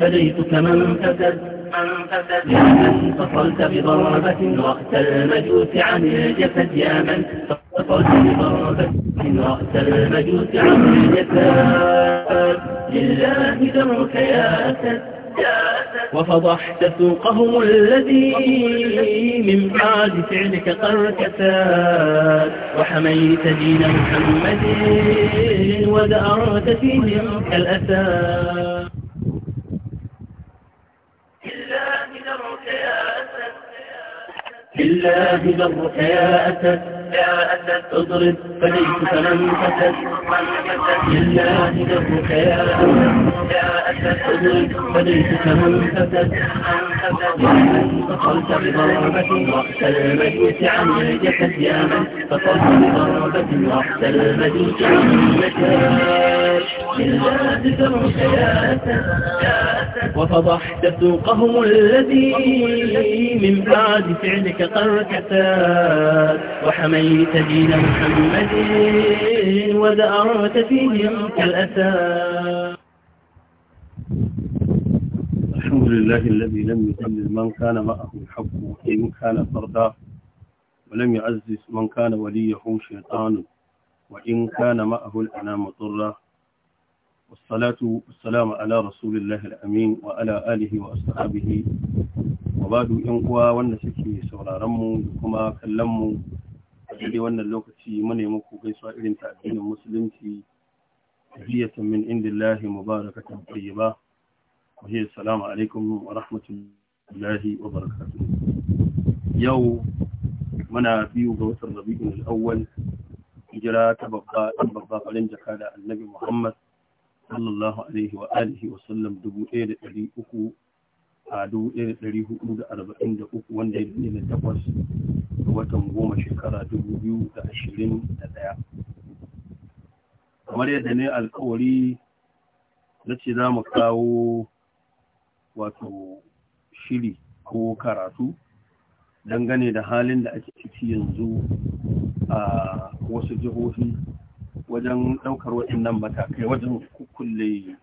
فديتك من فسد من فسد يا من فصلت بضربة وقت المجوس عن الجسد يا من فصلت بضربة وقت المجوس عن الجسد لله درك يا أسد وفضحت سوقهم الذي من بعد فعلك قركسات وحميت دين محمد ودأرت فيهم كالاسى إلا هدى الرؤيا أتت أضرب فليس فمن فسد لله درك يا أضرب فليس من فصلت بضربة عن يا من فصلت بضربة عن لله يا وفضحت سوقهم الذي من بعد فعلك قد كساد وحميت عليت دين محمد ودأرت فيهم كالأسى الحمد لله الذي لم يذلل من كان معه الحق وإن كان فردا ولم يعزز من كان وليه شيطان وإن كان معه الأنام ضرا والصلاة والسلام على رسول الله الأمين وعلى آله وأصحابه وبعد إنقوى والنسكي سورارمو كما كلمو a daidai wannan lokaci mune muku gaisuwa irin ta addinin musulunci tahiyatan min inda indillahi mubarakatan tayyiba wa hiya assalamu alaikum wa rahmatullahi wa barakatuh yau muna biyu ga watan rabi'ul awwal hijira ta babba dan babba farin jaka da annabi Muhammad sallallahu alaihi wa alihi wa sallam uku. a uku, wanda ya daidai da takwas da watan goma shekara 2021 kamar yadda ne alkawari na ce za mu kawo wato shiri ko karatu dangane da halin da ake ciki yanzu a wasu jihohi wajen ɗaukar waɗannan matakai wajen kukulle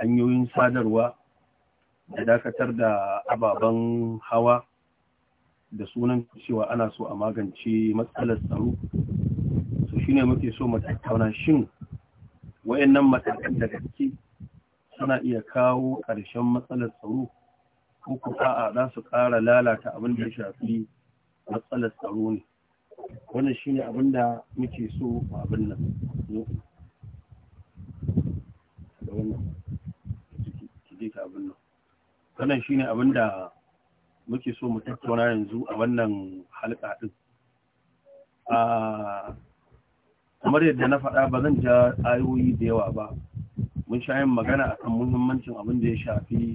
hanyoyin sadarwa da dakatar da ababen hawa da sunan cewa ana so a magance matsalar tsaro su shine muke so mu tattauna shin wayannan matakan da gaske suna iya kawo ƙarshen matsalar tsaro ko kuma a'a za su ƙara lalata abin da ya shafi matsalar tsaro ne wannan shine abin da muke so abin nan wannan shine abin da muke so mu tattauna yanzu a wannan halka din kamar yadda na faɗa ba zan ja ayoyi da yawa ba mun sha yin magana akan muhimmancin abin da ya shafi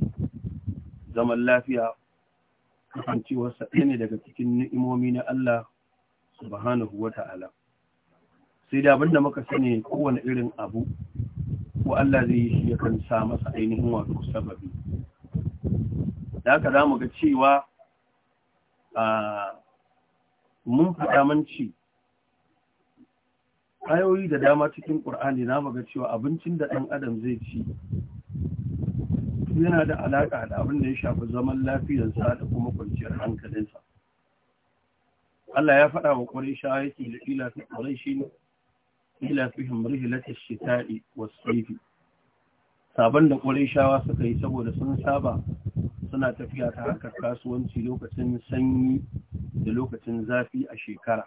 zaman lafiya kasancewarsa ɗaya ne daga cikin ni'imomi na Allah subhanahu wa ta'ala sai da abin da muka sani kowane irin abu ko Allah zai yi shi yakan sa masa ainihin wato sababi da haka za ga cewa mun faɗa manci ayoyi da dama cikin ƙur'ani na ga cewa abincin da ɗan adam zai ci yana da alaƙa da abin da ya shafi zaman lafiyarsa da kuma kwanciyar hankalinsa Allah ya faɗa wa ƙwarai sha yake da ila fi ƙwarai shi ne ila fi shita'i wasu sabon da ƙwarai shawa suka yi saboda sun saba suna tafiya ta harkar kasuwanci lokacin sanyi da lokacin zafi a shekara.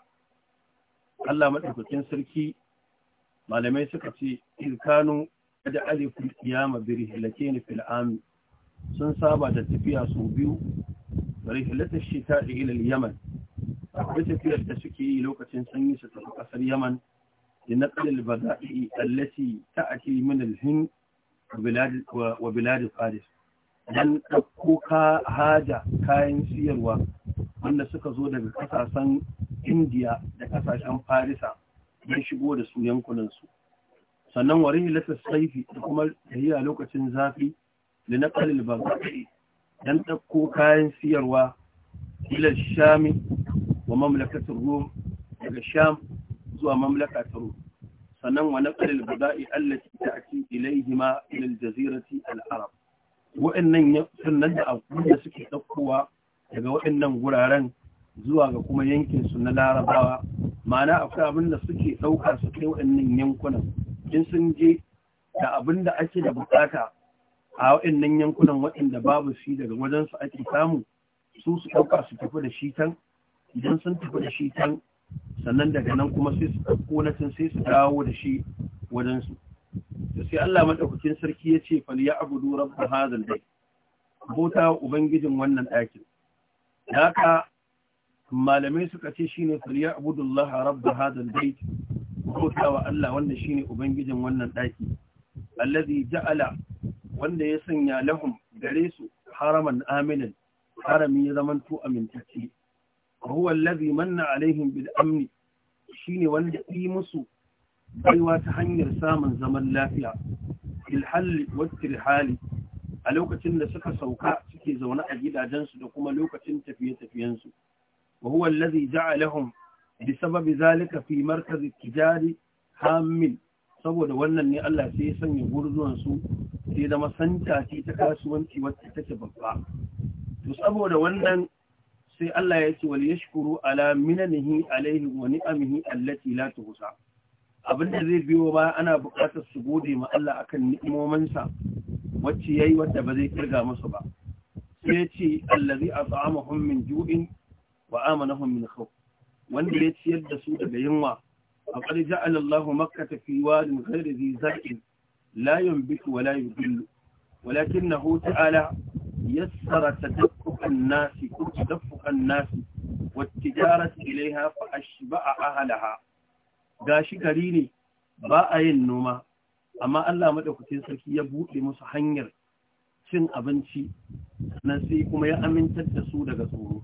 Allah maɗaukacin sarki malamai suka ce irkanu da alifin kiyama bi rihlatayn fil am sun saba da tafiya su biyu rihlatash shita ila yaman akwai tafiyar da suke yi lokacin sanyi su tafi kasar yaman لنقل البضائع ta تأتي من الهند وبلاد, وبلاد فارس don ɗauko haja kayan siyarwa wanda suka zo daga ƙasashen indiya da ƙasashen farisa don shigo da su yankunansu sannan wari hilatar saifi da kuma tahiya lokacin zafi da na ƙalil bangare don ɗauko kayan siyarwa ilar shami wa mamlakatar rom daga sham zuwa mamlakatar rom sannan wa naƙalil za'i allati ta ilayhima ila al-jazirati al-arab wa'annan sannan da abubuwan da suke ɗaukowa daga wa'annan guraren zuwa ga kuma yankinsu na larabawa ma'ana akwai abin da suke ɗauka su kai wa'annan yankunan in sun je da abin da ake da bukata a wa'annan yankunan waɗanda babu shi daga wajen su ake samu su su ɗauka su tafi da shi tan idan sun tafi da shi tan sannan daga nan kuma sai su ɗauko na sai su dawo da shi wajen su to sai Allah madaukakin sarki ya ce fal ya'budu rabb hadha al-bayt bota ubangijin wannan ɗakin haka malamai suka ce shine fal Abudu, Allah rabb hadha al-bayt bota wa Allah wanda shine ubangijin wannan ɗaki allazi ja'ala wanda ya sanya lahum gare su haraman aminan harami ya zamanto amintacce huwa allazi manna alaihim bil amni shine wanda yi musu baiwa ta hanyar samun zaman lafiya ilhalli wata hali a lokacin da suka sauka suke zaune a gidajensu da kuma lokacin tafiye-tafiyensu wa huwa allazi ja'alahum bi sababi zalika fi markazi tijari hamil saboda wannan ne Allah sai ya sanya gurzuwan su sai zama santa ce ta kasuwanci wacce take babba to saboda wannan sai Allah ya ce wal yashkuru ala minanihi alaihi wa ni'amihi allati la tuhsa abin da zai biyo ba ana buƙatar su gode ma Allah akan ni'imominsa wacce yayi wanda ba zai kirga musu ba sai ce allazi at'amahum min ju'in wa amanahum min khawf wanda ya ciyar da su daga yunwa faqad ja'ala Allahu makkata fi wadin ghayri dhi zar'in la yanbitu wa la yudillu nasi, تعالى يسر تدفق الناس تدفق الناس والتجارة إليها فأشبع أهلها gashi gari ne ba a yin noma amma Allah madaukakin sarki ya buɗe musu hanyar cin abinci nan sai kuma ya amintar da su daga tsoro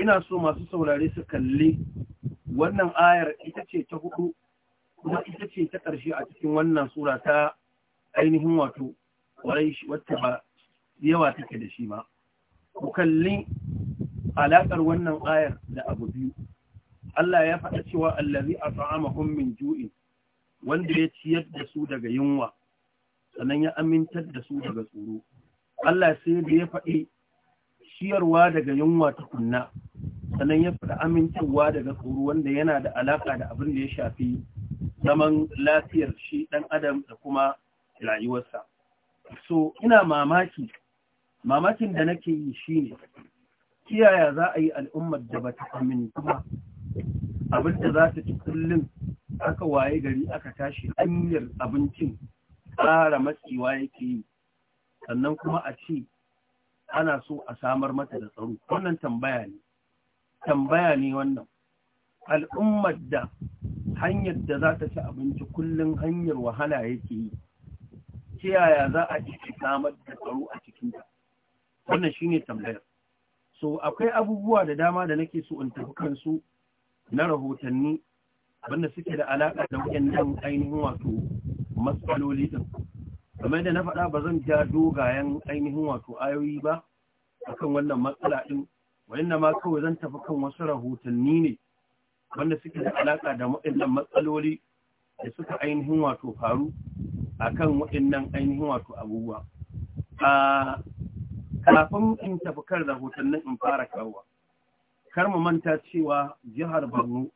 ina so masu saurare su kalli wannan ayar ita ce ta hudu kuma ita ce ta ƙarshe a cikin wannan sura ta ainihin wato ƙwarai wacce ba yawa take da shi ba ku kalli alaƙar wannan ayar da abu biyu Allah ya faɗa cewa allazi at'amahum min ju'in wanda ya ciyar da su daga yunwa sannan ya amintar da su daga tsoro Allah sai da ya faɗi ciyarwa daga yunwa ta kunna sannan ya faɗi amintarwa daga tsoro wanda yana da alaƙa da abin da ya shafi zaman lafiyar shi ɗan adam da kuma rayuwarsa so ina mamaki mamakin da nake yi shine kiyaya za a yi al'ummar da bata ta amintu ba abinda za ta ci kullum aka waye gari aka tashi hanyar abincin ƙara matsewa yake yi sannan kuma a ce ana so a samar mata da tsaro wannan tambaya ne tambaya ne wannan al'ummar da hanyar da za ta ci abinci kullum hanyar wahala yake yi kiyaya za a ci samar da tsaro a cikinta wannan shine tambayar so akwai abubuwa da dama da nake so in tafi kansu na rahotanni abinda suke da alaƙa da wayannan ainihin wato matsaloli din kamar yadda na faɗa ba zan ja dogayen ainihin wato ayoyi ba akan wannan matsala din wayanna ma kawai zan tafi kan wasu rahotanni ne wanda suke da alaƙa da waɗannan matsaloli da suka ainihin wato faru akan waɗannan ainihin wato abubuwa a ah, kafin in tafi kan rahotannin in fara kawowa kar mu manta cewa jihar Borno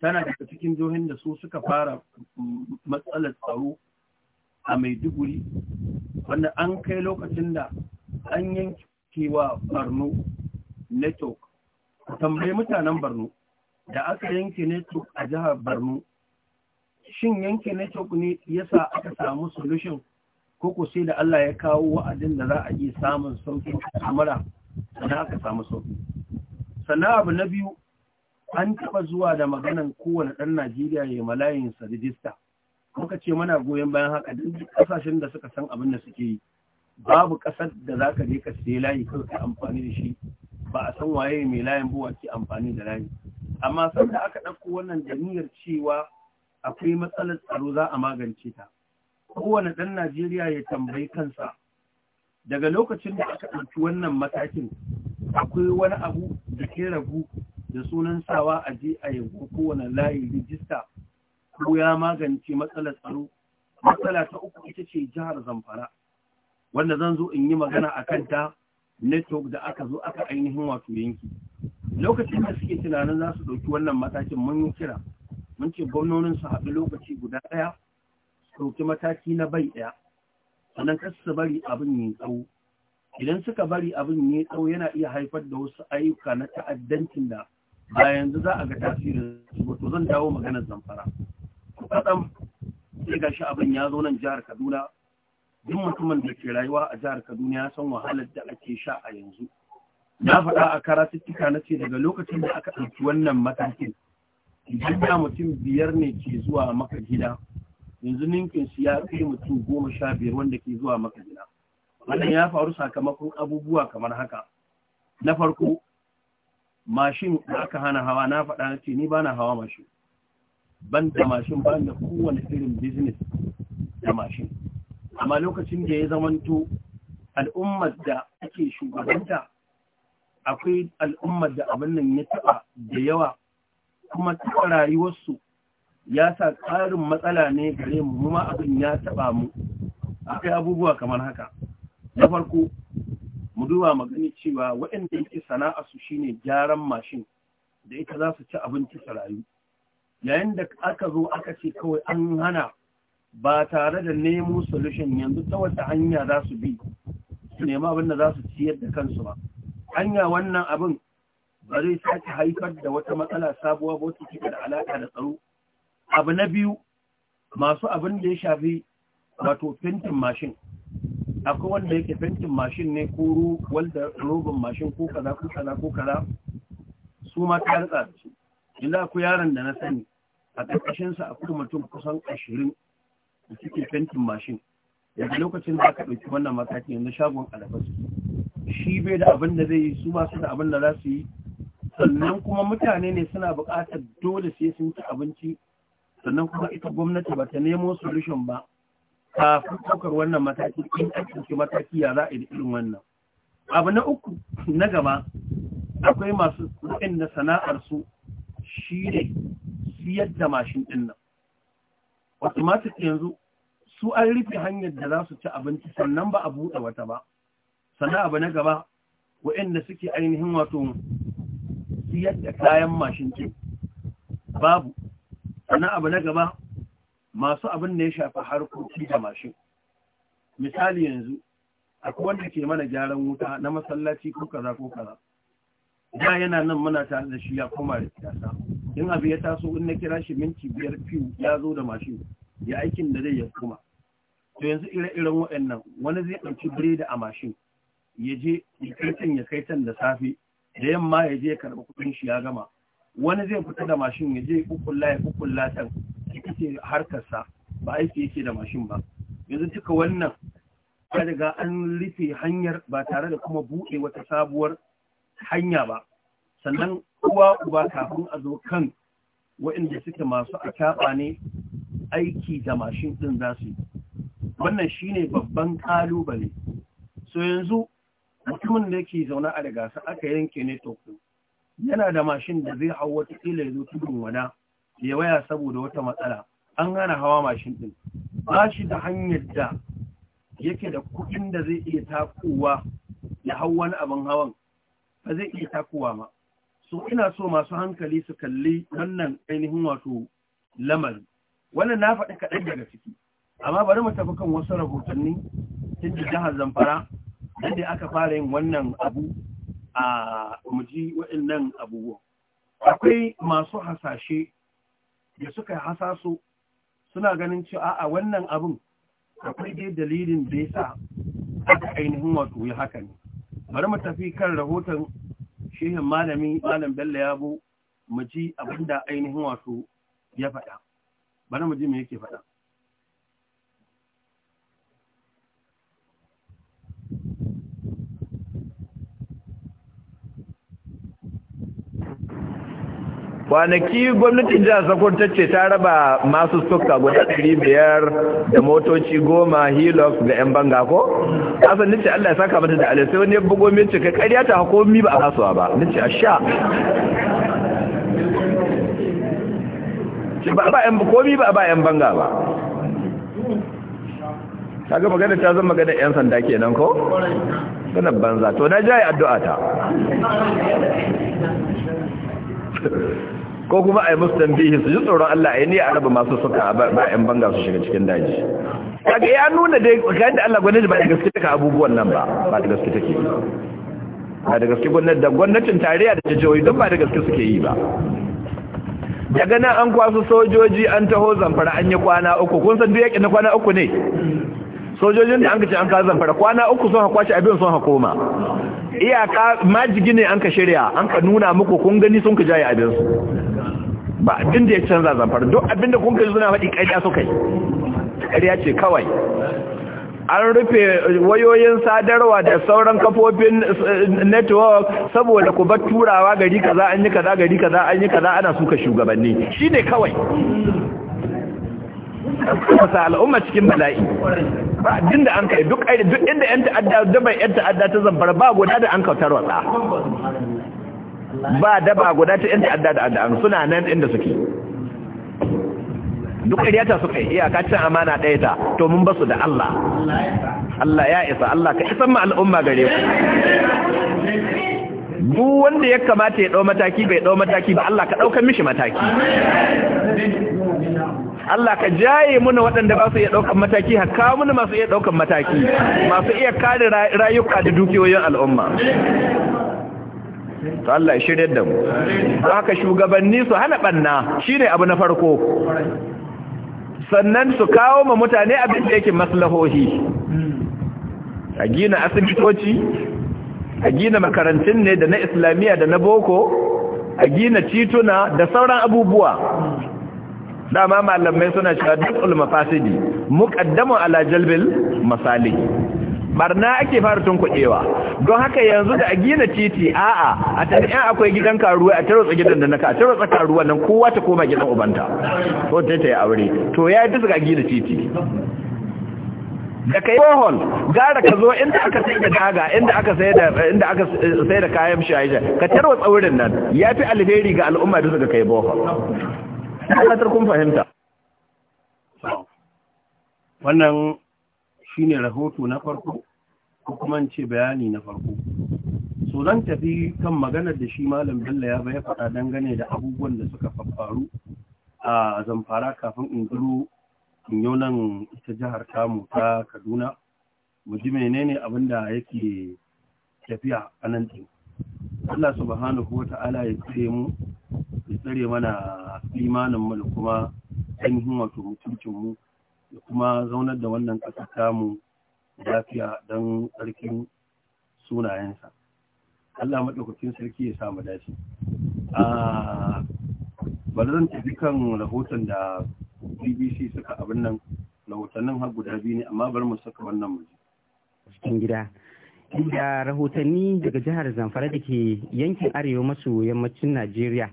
tana daga cikin jihohin da su suka fara matsalar tsaro a Maiduguri wanda an kai lokacin da an yanke wa Borno network tambayi mutanen Borno da aka yanke network a jihar Borno shin yanke network ne yasa aka samu solution ko ko sai da Allah ya kawo wa'adin da za a yi samun sauki a mara na aka samu sauki sannan abu na biyu an taɓa zuwa da maganan kowane ɗan Najeriya ya malayin sa rijista muka ce mana goyon bayan haka duk ƙasashen da suka san abin da suke yi babu ƙasar da za ka je ka sai layi kawai ka amfani da shi ba a san waye mai layin buwa ke amfani da layi amma sanda aka ɗauko wannan da cewa akwai matsalar tsaro za a magance ta kowane ɗan Najeriya ya tambayi kansa daga lokacin da aka ɗauki wannan matakin akwai wani abu da ke rabu da sunan sawa a je a yabo kowane layi rijista ko ya magance matsalar tsaro matsala ta uku ita ce jihar zamfara wanda zan zo in yi magana a kanta network da aka zo aka ainihin wato yanki lokacin da suke tunanin za su ɗauki wannan matakin mun yi kira mun ce gwamnonin su haɗu lokaci guda ɗaya su ɗauki mataki na bai ɗaya sannan kasu su bari abin yin tsawo idan suka bari abin ne tsawo yana iya haifar da wasu ayyuka na ta'addancin da ba yanzu za a ga tasirin wato zan dawo maganar zamfara kaɗan sai ga shi abin ya zo nan jihar kaduna duk mutumin da ke rayuwa a jihar kaduna ya san wahalar da ake sha a yanzu na faɗa a karatuttuka na ce daga lokacin da aka ɗauki wannan matakin idan da mutum biyar ne ke zuwa maka gida yanzu ninkin su ya kai mutum goma sha biyar wanda ke zuwa maka gida wannan ya faru sakamakon abubuwa kamar haka na farko mashin da aka hana hawa na faɗa ce ni ba na hawa mashin ban da mashin ba da kowane irin business da mashin amma lokacin da ya zamanto al'ummar da ake shugabanta akwai al'ummar da abin nan ya taɓa da yawa kuma taɓa rayuwarsu ya sa ƙarin matsala ne gare mu kuma abin ya taɓa mu akwai abubuwa kamar haka na farko mu duba magani cewa waɗanda yake sana'a su shine gyaran mashin da ita za su ci abinci su rayu yayin da aka zo aka ce kawai an hana ba tare da nemo solution yanzu ta wata hanya za su bi su nema abin da za su ciyar da kansu ba hanya wannan abin ba zai sake haifar da wata matsala sabuwa ba wata da alaƙa da tsaro abu na biyu masu abin da ya shafi wato fentin mashin akwai wanda yake fentin mashin ne ko ru wanda robin mashin ko kaza ko kaza ko kaza su ma ta rika su yanzu ku yaron da na sani a ƙarƙashin sa akwai mutum kusan ashirin da suke fentin mashin yanzu lokacin da aka ɗauki wannan mataki yanzu shagon alabas shi bai da abin da zai yi su ma su da abin da za su yi sannan kuma mutane ne suna buƙatar dole sai sun ci abinci sannan kuma ita gwamnati ba ta nemo solution ba kafin ɗaukar wannan mataki in a mataki ya za a yi irin wannan abu na uku na gaba akwai masu kuɗin da sana'arsu shi ne siyar da mashin ɗin nan masu yanzu su an rufe hanyar da za su ci abinci sannan ba a buɗe wata ba sannan abu na gaba wa'anda suke ainihin wato siyar da kayan mashin ɗin babu sannan abu na gaba masu abin da ya shafi harkoki da mashin misali yanzu akwai wanda ke mana gyaran wuta na masallaci ko kaza ko kaza da yana nan muna tare da shi ya koma da siyasa in abu ya taso in na kira shi minti biyar fiye ya zo da mashin ya aikin da zai ya koma to yanzu ire-iren waɗannan wani zai ɗauki biredi a mashin ya je ya kai ya kai can da safe da yamma ya je ya karɓi kuɗin shi ya gama wani zai fita da mashin ya je ya kukkulla ya kukkulla can ita ce harkarsa ba aiki yake da mashin ba yanzu duka wannan ya daga an rufe hanyar ba tare da kuma buɗe wata sabuwar hanya ba sannan uwa uba kafin a zo kan waɗanda suke masu a ne aiki da mashin ɗin za su yi wannan shi ne babban ƙalubale so yanzu mutumin da yake zaune a daga aka yanke ne toku yana da mashin da zai hau wata ya zo tudun wada ya waya saboda wata matsala an hana hawa mashin din ba shi da hanyar da yake da kuɗin da zai iya takowa ya hau wani abin hawan ba zai iya takowa ma so ina so masu hankali su kalli wannan ainihin wato lamari wannan na faɗi kaɗan daga ciki amma bari mu tafi kan wasu rahotanni tun da jihar zamfara yadda aka fara yin wannan abu a muji waɗannan abubuwa akwai masu hasashe da suka hasaso suna ganin cewa a wannan abin akwai dai dalilin da ya sa aka ainihin wato ya haka ne bari mu tafi kan rahoton shehin malami malam bello yabo mu ji abin da ainihin wato ya faɗa bari mu ji me yake faɗa kwanaki gwamnatin jihar Sokoto ta ce ta raba masu suka guda ɗari biyar da motoci goma hilux ga 'yan banga ko? kasan nace Allah ya saka mata da alisai wani ya bugo min cika ƙarya ta hakomi ba a kasuwa ba nace a sha ba ba yan komi ba ba yan banga ba kaga magana ta zama magana yan sanda kenan ko? kana banza to na jaye addu'a ta ko kuma a yi musu tambihi su ji tsoron Allah ya ne a raba masu suka ba yan banga su shiga cikin daji kaga ya nuna dai tsakanin da Allah gwamnati ba da gaske take abubuwan nan ba ba da gaske take ba da gaske gwamnati da gwamnatin tarayya da jihohi don ba da gaske suke yi ba daga nan an kwasu sojoji an taho zamfara an yi kwana uku kun san duk yakin na kwana uku ne sojojin da an kace an kawo zamfara kwana uku sun hakwace abin sun hakoma iyaka majigi ne an ka shirya an ka nuna muku kun gani sun ka jaye abin su ba abin da ya canza zamfara duk abin da kun kai suna faɗi ƙarya suka yi ƙarya ce kawai an rufe wayoyin sadarwa da sauran kafofin eh, network saboda ku bar turawa gari kaza an yi kaza gari kaza an yi kaza ana suka shugabanni shine kawai Masu al'umma cikin bala'i ba din da an kai duk inda yan ta'adda da yan ta'adda ta zambar ba guda da an kautar watsa ba daba guda ta inda adda da adda suna nan inda suke duk ƙaryata suka yi iyaka cin amana ɗaya ta to mun basu da Allah Allah ya isa Allah ka isan ma al'umma gare ku duk wanda ya kamata ya ɗau mataki bai ɗau mataki ba Allah ka ɗaukar mishi mataki Allah ka jaye muna waɗanda ba su iya ɗaukan mataki ha kawo muna masu iya ɗaukan mataki masu iya kare rayuka da dukiyoyin al'umma to Allah ya shirye da mu don haka shugabanni su hana banna shine abu na farko sannan su kawo ma mutane abin da yake maslahohi a gina asibitoci a gina makarantun ne da na islamiyya da na boko a gina tituna da sauran abubuwa dama malamai suna cewa duk ulmafasidi muqaddamu ala jalbil masalih barna ake fara kuɗewa. don haka yanzu da a gina titi a'a a tani yan akwai gidan karuwa a tarotsa gidan da naka a tarotsa karuwa nan kowa ta koma gidan ubanta ko ta ta yi aure to ya yi bisa ga gina titi da kai bohol gara ka zo inda aka sai da gaga inda aka sai da inda aka sai da kayan shaye ka tarotsa wurin nan Ya fi alheri ga al'umma da ga kai bohol Allah kun fahimta wannan shine rahoto na farko ko kuma ce bayani na farko so zan tafi kan maganar da shi malam bello ya bai faɗa dangane da abubuwan da suka faru a zamfara kafin in duro in nan ita jihar tamu ta kaduna mu ji menene abin da yake tafiya a nan din Allah subhanahu wa ta'ala ya tsare mu ya tsare mana imanin mu da kuma ainihin wato mutuncin mu da kuma zaunar da wannan ƙasar tamu lafiya don tsarkin sunayensa Allah maɗaukakin sarki ya samu dace ba zan tafi kan rahoton da bbc suka abin nan rahotannin har guda biyu ne amma bar mu saka wannan mu cikin gida inda rahotanni daga jihar zamfara da ke yankin arewa maso yammacin najeriya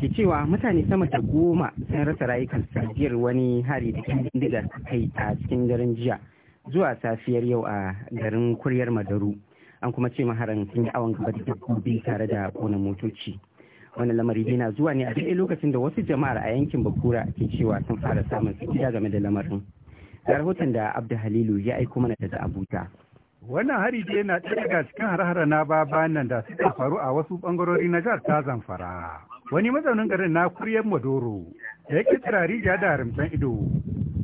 ke cewa mutane sama da goma sun rasa rayukan sanadiyar wani hari da kan bindiga kai a cikin daren jiya zuwa safiyar yau a garin kuryar madaru an kuma ce maharan sun yi awon gaba da dabbobi tare da kona motoci wani lamari yana zuwa ne a daidai lokacin da wasu jama'ar a yankin bakura ke cewa sun fara samun tsiya game da lamarin ga rahoton da abdu halilu ya aiko mana daga abuja wannan hari da yana ɗaya daga cikin har-hara na baba da suka faru a wasu ɓangarori na jihar ta zamfara wani mazaunin garin na kuryar madoro da yake turari ja da haramtan ido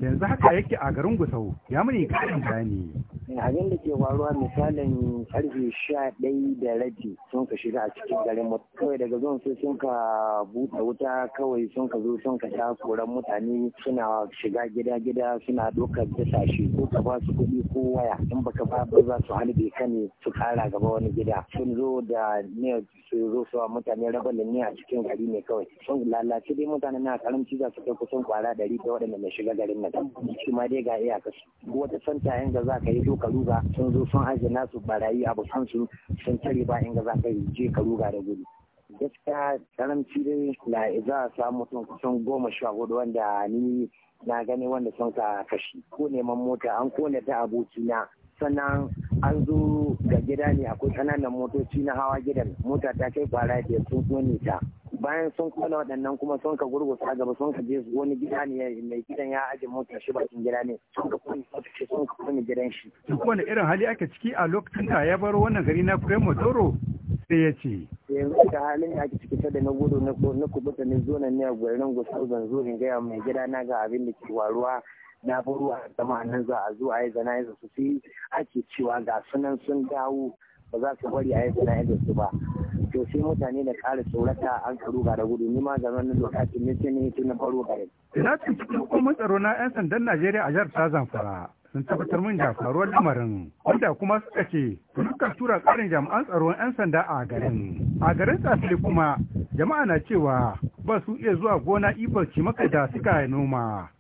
yanzu haka yake a garin gusau ya muni karin bayani Eh, abin da ke faruwa misalin karfe sha ɗaya da rabi sun ka shiga a cikin garin mu kawai daga zuwan su sun ka buɗe wuta kawai sun ka zo sun ka sha koran mutane suna shiga gida gida suna ɗaukar shi ko ka ba su kuɗi ko waya in baka ba ba za su halbe ka ne su kara gaba wani gida sun zo da ne su zo su mutane rabalin ne a cikin gari ne kawai sun lalace dai mutane na karamci za su kai kusan kwara ɗari da waɗanda mai shiga garin nan shi ma dai ga iyaka wata santa yanga za ka yi ba sun zo sun aje nasu barayi abokan su sun tare ba inga za ka je ga da gudu gaskiya karamci dai la za a samu mutum kusan goma sha hudu wanda ni na gani wanda sun ka kashi ko neman mota an kone ta abokina sannan an zo ga gida ne akwai kananan motoci na hawa gidan mota ta kai kwara biyar sun kone ta bayan sun kona waɗannan kuma sun ka gurgusa gaba sun ka je wani gida ne mai gidan ya ajiye mota shi bakin gida ne sun ka kone motoci sun ka kone gidan shi. duk wani irin hali aka ciki a lokacin da ya bar wannan gari na kuremo toro sai ya ce. yanzu da halin da ake ciki ta da na gudu na kubuta ne zo ne a gwarin gusa zan zo in gaya mai gida na ga abin da ke waruwa na bar ruwa a zama nan za a zo a yi zana su sai ake cewa ga sunan sun dawo ba za su bari a yi su ba to sai mutane da ƙara tsorata an karu ga da gudu ni ma zaman nan lokacin ne sai ne tun na baro gare. Na ce hukumar tsaro na 'yan sandan Najeriya a jihar ta zamfara. sun tabbatar min da faruwar lamarin wanda kuma suka ce dukkan tura karin jami'an tsaron 'yan sanda a garin a garin tsafili kuma jama'a na cewa ba su iya zuwa gona ibarci maka da suka noma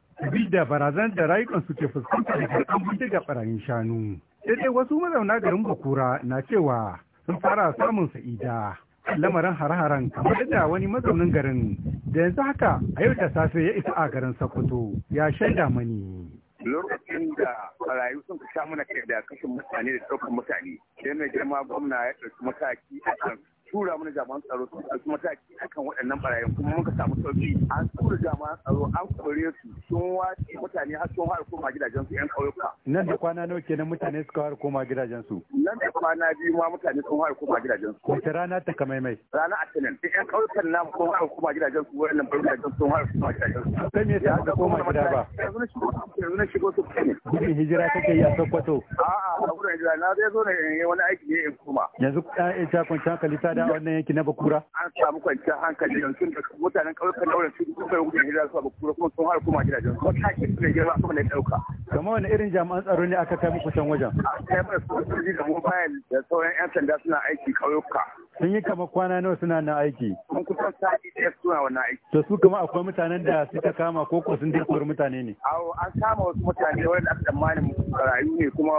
da barazan da rayukansu ke fuskanta da karɓar bindiga barayin shanu. Daidai wasu mazauna garin Bukura na cewa sun fara samun sa'ida. lamarin hare-haren kamar da wani mazaunin garin da yanzu haka a yau da safe ya isa a garin Sokoto ya shaida mani. lokacin da barayu sun sha mana kai da kashin mutane da ɗaukar mutane sai mai girma gwamna ya ɗauki mataki a kan tura mana jami'an tsaro su ɗauki mataki akan waɗannan barayin kuma muka samu sauki an tura jami'an tsaro an kore su sun wace mutane har sun har koma gidajen su yan ƙauyuka. Nan da kwana nawa kenan mutane suka har koma gidajen su. Nan da kwana biyu ma mutane sun har koma gidajen su. Wace rana ta kamaimai? Rana Asinin. Yan ƙauyukan mu sun har koma gidajen su waɗannan bar gidajen sun har koma gidajen su. Sai me yasa ba koma gida ba? Yanzu na shigo yanzu na shigo su ne. Gudun hijira kake yi a Sokoto. A'a, gudun hijira na zai zo ne wani aiki ne in koma. Yanzu ɗan ita kun hankali kalita da wannan yanki na Bakura? An samu kwanciyar hankali yanzu da mutanen ƙauyukan Laura su kuma yi wuce hijira zuwa Bakura kuma sun har kuma gidajen su. Wata hakin su da girma kuma na ɗauka. Kamar wani irin jami'an tsaro ne aka kai muku can wajen? An kai mana sojoji da mobile da sauran 'yan sanda suna aiki ƙauyuka. Sun yi kama kwana nawa suna na aiki? mun kusan sa'i ɗaya suna wannan aiki. To su kama akwai mutanen da suka kama ko ko sun dinkuwar mutane ne? Awo an kama wasu mutane wanda aka tsammanin rayu ne kuma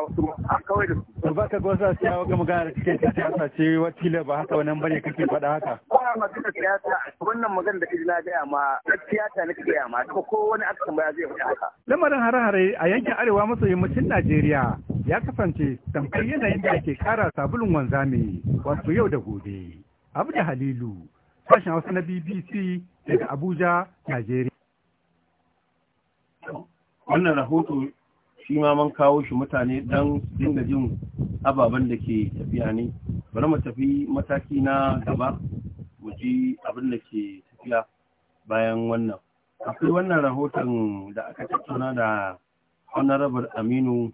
an kawai da su. Ba ka ga wasu a kama gana da suke ta ce wata ba haka wani nan bane kake faɗa haka ba magana siyasa wannan magan da kiji na gaya ma siyasa na gaya ma ko wani aka tambaya zai faɗa haka lamarin hare-hare a yankin arewa maso yammacin Najeriya ya kasance tamkar yanayin da ake kara sabulun wanzami wato yau da gobe abu da halilu sashen hausa na bbc daga abuja najeriya wannan rahoto shi ma man kawo shi mutane dan dinga jin ababen da ke tafiya ne bari mu tafi mataki na gaba mu ji abin da ke tafiya bayan wannan akwai wannan rahoton da aka tattauna da honorable aminu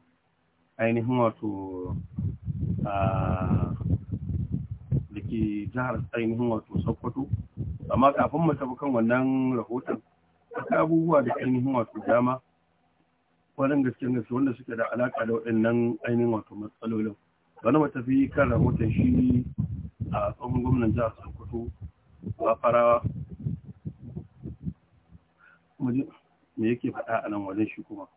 ainihin wato da ke jihar ainihin wato sokoto amma kafin mu tafi kan wannan rahoton akwai abubuwa da ainihin wato dama kwanan gaske su wanda suke da alaƙa da waɗannan ainihin wato matsalolin wani matafi kan rahoton shi a tsohon gwamnan jihar sokoto ba farawa me yake faɗa a nan wajen shi kuma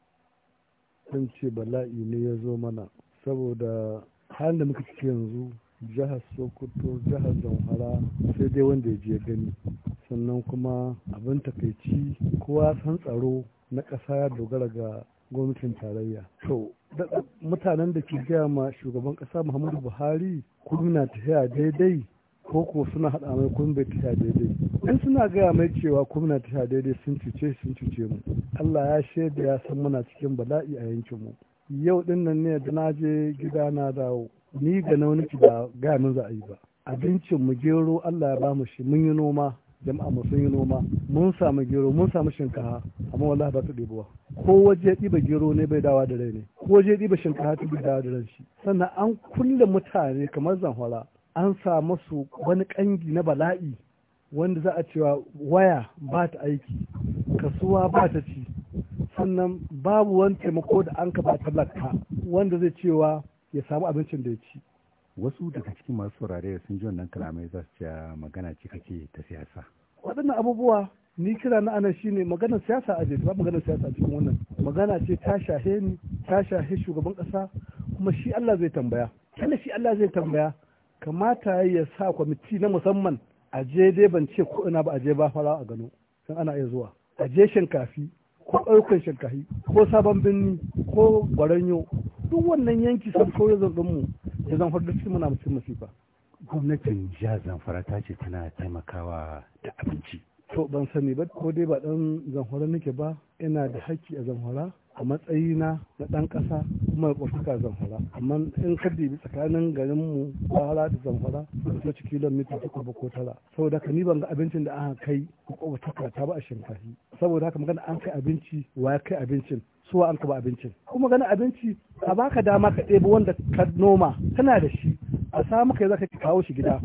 sun ce bala'i ne ya zo mana saboda halin da muka ciki yanzu jihar sokoto jihar zamfara sai dai wanda ya je gani sannan kuma abin takaici kowa san tsaro na ƙasa ya dogara ga gwamnatin tarayya to mutanen da ke gaya ma shugaban kasa muhammadu buhari kudu na tafiya daidai ko ko suna haɗa mai kun bai tafiya daidai in suna gaya mai cewa kun na tafiya daidai sun cuce sun cuce mu allah ya shaida ya san muna cikin bala'i a yankin mu yau din nan ne da na je gida na dawo ni ga nauni ba gaya min za a yi ba abincin mu gero allah ya ba mu shi mun yi noma jama'a mu sun yi noma mun samu gero mun samu shinkafa amma wallahi ba su ɗebowa ko waje ɗiba gero ne bai dawa da rai ne ko waje ɗiba shinkafa ta bai dawa da rai. shi sannan an kulle mutane kamar zanhwara an samu su wani ƙangi na bala'i wanda za a cewa waya ba ta aiki kasuwa ba ta ci sannan babu wani taimako da an ka ba talaka wanda zai cewa ya samu abincin da ya ci wasu daga cikin masu saurare sun ji wannan kalamai za su ah, magana ce kake ta siyasa waɗannan abubuwa ni kira na anan shine maganar siyasa a ba maganar siyasa a cikin wannan magana ce ta shahe ni ta shahe shugaban ƙasa kuma shi Allah zai tambaya kana shi Allah zai tambaya kamata ya sa kwamiti na musamman a je dai ban ce ko ina ba a je ba fara a gano san ana iya zuwa a je shinkafi ko ɗaukan shinkafi ko sabon birni ko gwaranyo duk wannan yanki sun kawai zaɓen mu ya zamfara da cikin muna cikin masifa gwamnatin jihar zamfara ta ce tana taimakawa da abinci to ban sani ba ko dai ba dan zamfara nake ba ina da haƙƙi a zamfara a matsayina na ɗan ƙasa kuma ƙwafuka zamfara amma in ka dibi tsakanin garin mu kwara da zamfara da ci mita takwas ba ko tara saboda haka ni ban ga abincin da aka kai ko ƙwafuka ta ba a shinkafi saboda haka magana an kai abinci wa ya kai abincin suwa an kaba abincin kuma gani abinci a baka dama ka ɗebo wanda ka noma kana da shi a samu kai zaka kawo shi gida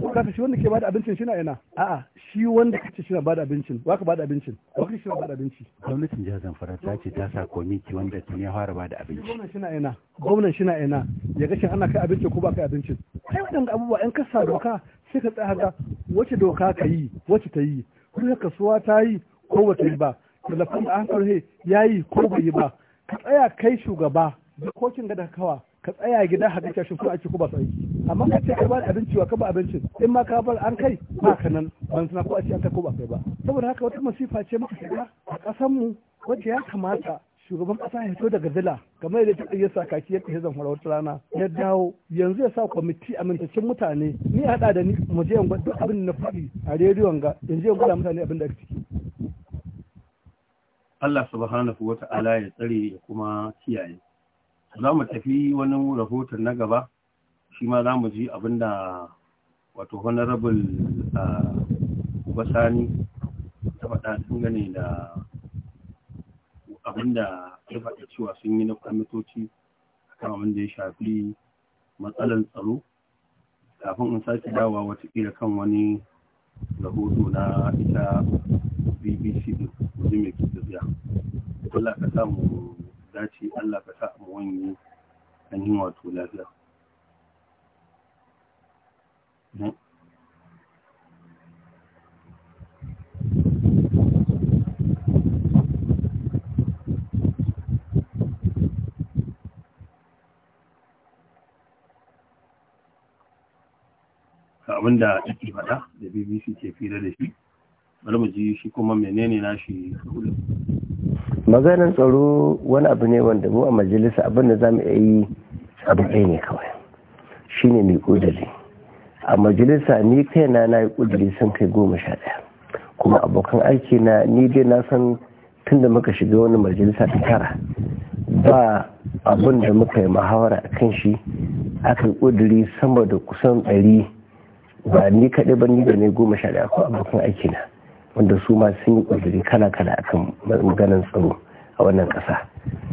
ko ka shi wanda ke bada abincin shi na ina a'a shi wanda kace shi na bada abincin baka bada abincin baka shi na bada abinci gwamnatin jihar Zamfara ta ce ta sa komiti wanda tun ya fara bada abinci gwamnatin shi na ina gwamnatin shi na ina ya ga ana kai abinci ko ba kai abincin kai waɗanda abubuwa in ka sa doka sai ka tsaya ga wace doka ka yi wace ta yi kuma kasuwa ta yi ko wata yi ba talafin da an karhe ya yi ko bai yi ba ka tsaya kai shugaba dokokin gada kawa ka tsaya gida haka kashin su ake ko ba su amma ka ce ka ba abinci wa ka ba abincin in ma ka bar an kai ba ka nan ban suna ko a ce an kai ko ba kai ba saboda haka wata masifa ce muka shiga a ƙasan mu wacce ya kamata shugaban kasa ya fito daga zila game da ta ya sa kaki ya kashe zamfara wata rana ya dawo yanzu ya sa kwamiti amintaccen mutane ni haɗa da ni mu je duk abin na faɗi a rediyon ga yanzu yan gwada mutane abin da ake ciki Allah subhanahu wa ta'ala ya tsare ya kuma kiyaye za mu tafi wani rahoton na gaba shi ma za mu ji da wato honorable basani ta faɗa dangane da abin da ya faɗa cewa sun yi na kwamitoci a kan abin da ya shafi matsalar tsaro kafin in sake dawa wata ƙira kan wani rahoto na ita bbc da muzimek gida Allah ka sa mu dace Allah ka sa mu wani an wato lafiya hmm. abinda yake faɗa da bbc ke fira da shi bari mu shi kuma menene nashi hulun maganar tsaro wani abu ne wanda mu a majalisa abin da za mu iya yi abu ɗaya ne kawai shine mai ƙudiri a majalisa ni kaina na yi ƙudiri sun kai goma sha ɗaya kuma abokan aiki na ni dai na san tun da muka shiga wani majalisa ta tara ba abin da muka yi muhawara a kan shi aka yi ƙudiri sama da kusan ɗari ba ni kaɗai ba ni da ne goma sha ɗaya ko abokan aiki na wanda su ma sun yi ƙudiri kala-kala a kan maganan tsaro a wannan ƙasa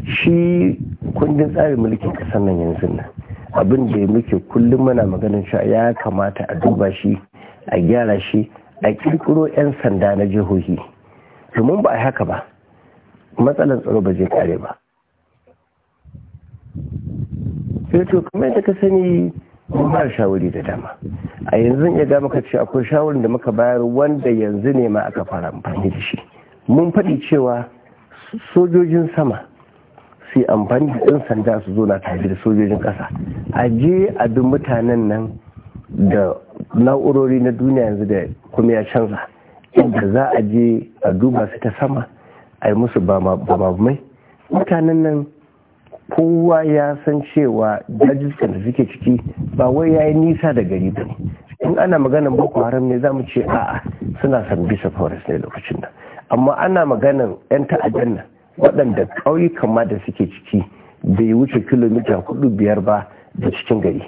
shi kundin tsarin mulkin ƙasar nan yanzu nan abin da ya muke kullum muna maganin cewa ya kamata a duba shi a gyara shi a kirkiro 'yan sanda na jihohi domin ba a haka ba matsalar tsaro ba zai kare ba. Eh to kamar yadda ka sani mun ba shawari da dama a yanzu ya ga maka ce akwai shawarin da muka bayar wanda yanzu ne ma aka fara amfani da shi mun faɗi cewa sojojin sama su amfani da ɗan sanda su zo na tafi da sojojin ƙasa a je a mutanen nan da na'urori na duniya yanzu da kuma ya canza inda za a je a duba su ta sama a yi musu ba mai mutanen nan kowa ya san cewa dajiskan da suke ciki ba wai ya yi nisa da gari ba in ana maganan boko haram ne za mu ce a'a suna bisa forest ne lokacin nan amma ana maganan 'yan ta'addan nan waɗanda ƙauyukan ma da suke ciki bai wuce kilomita hudu biyar ba da cikin gari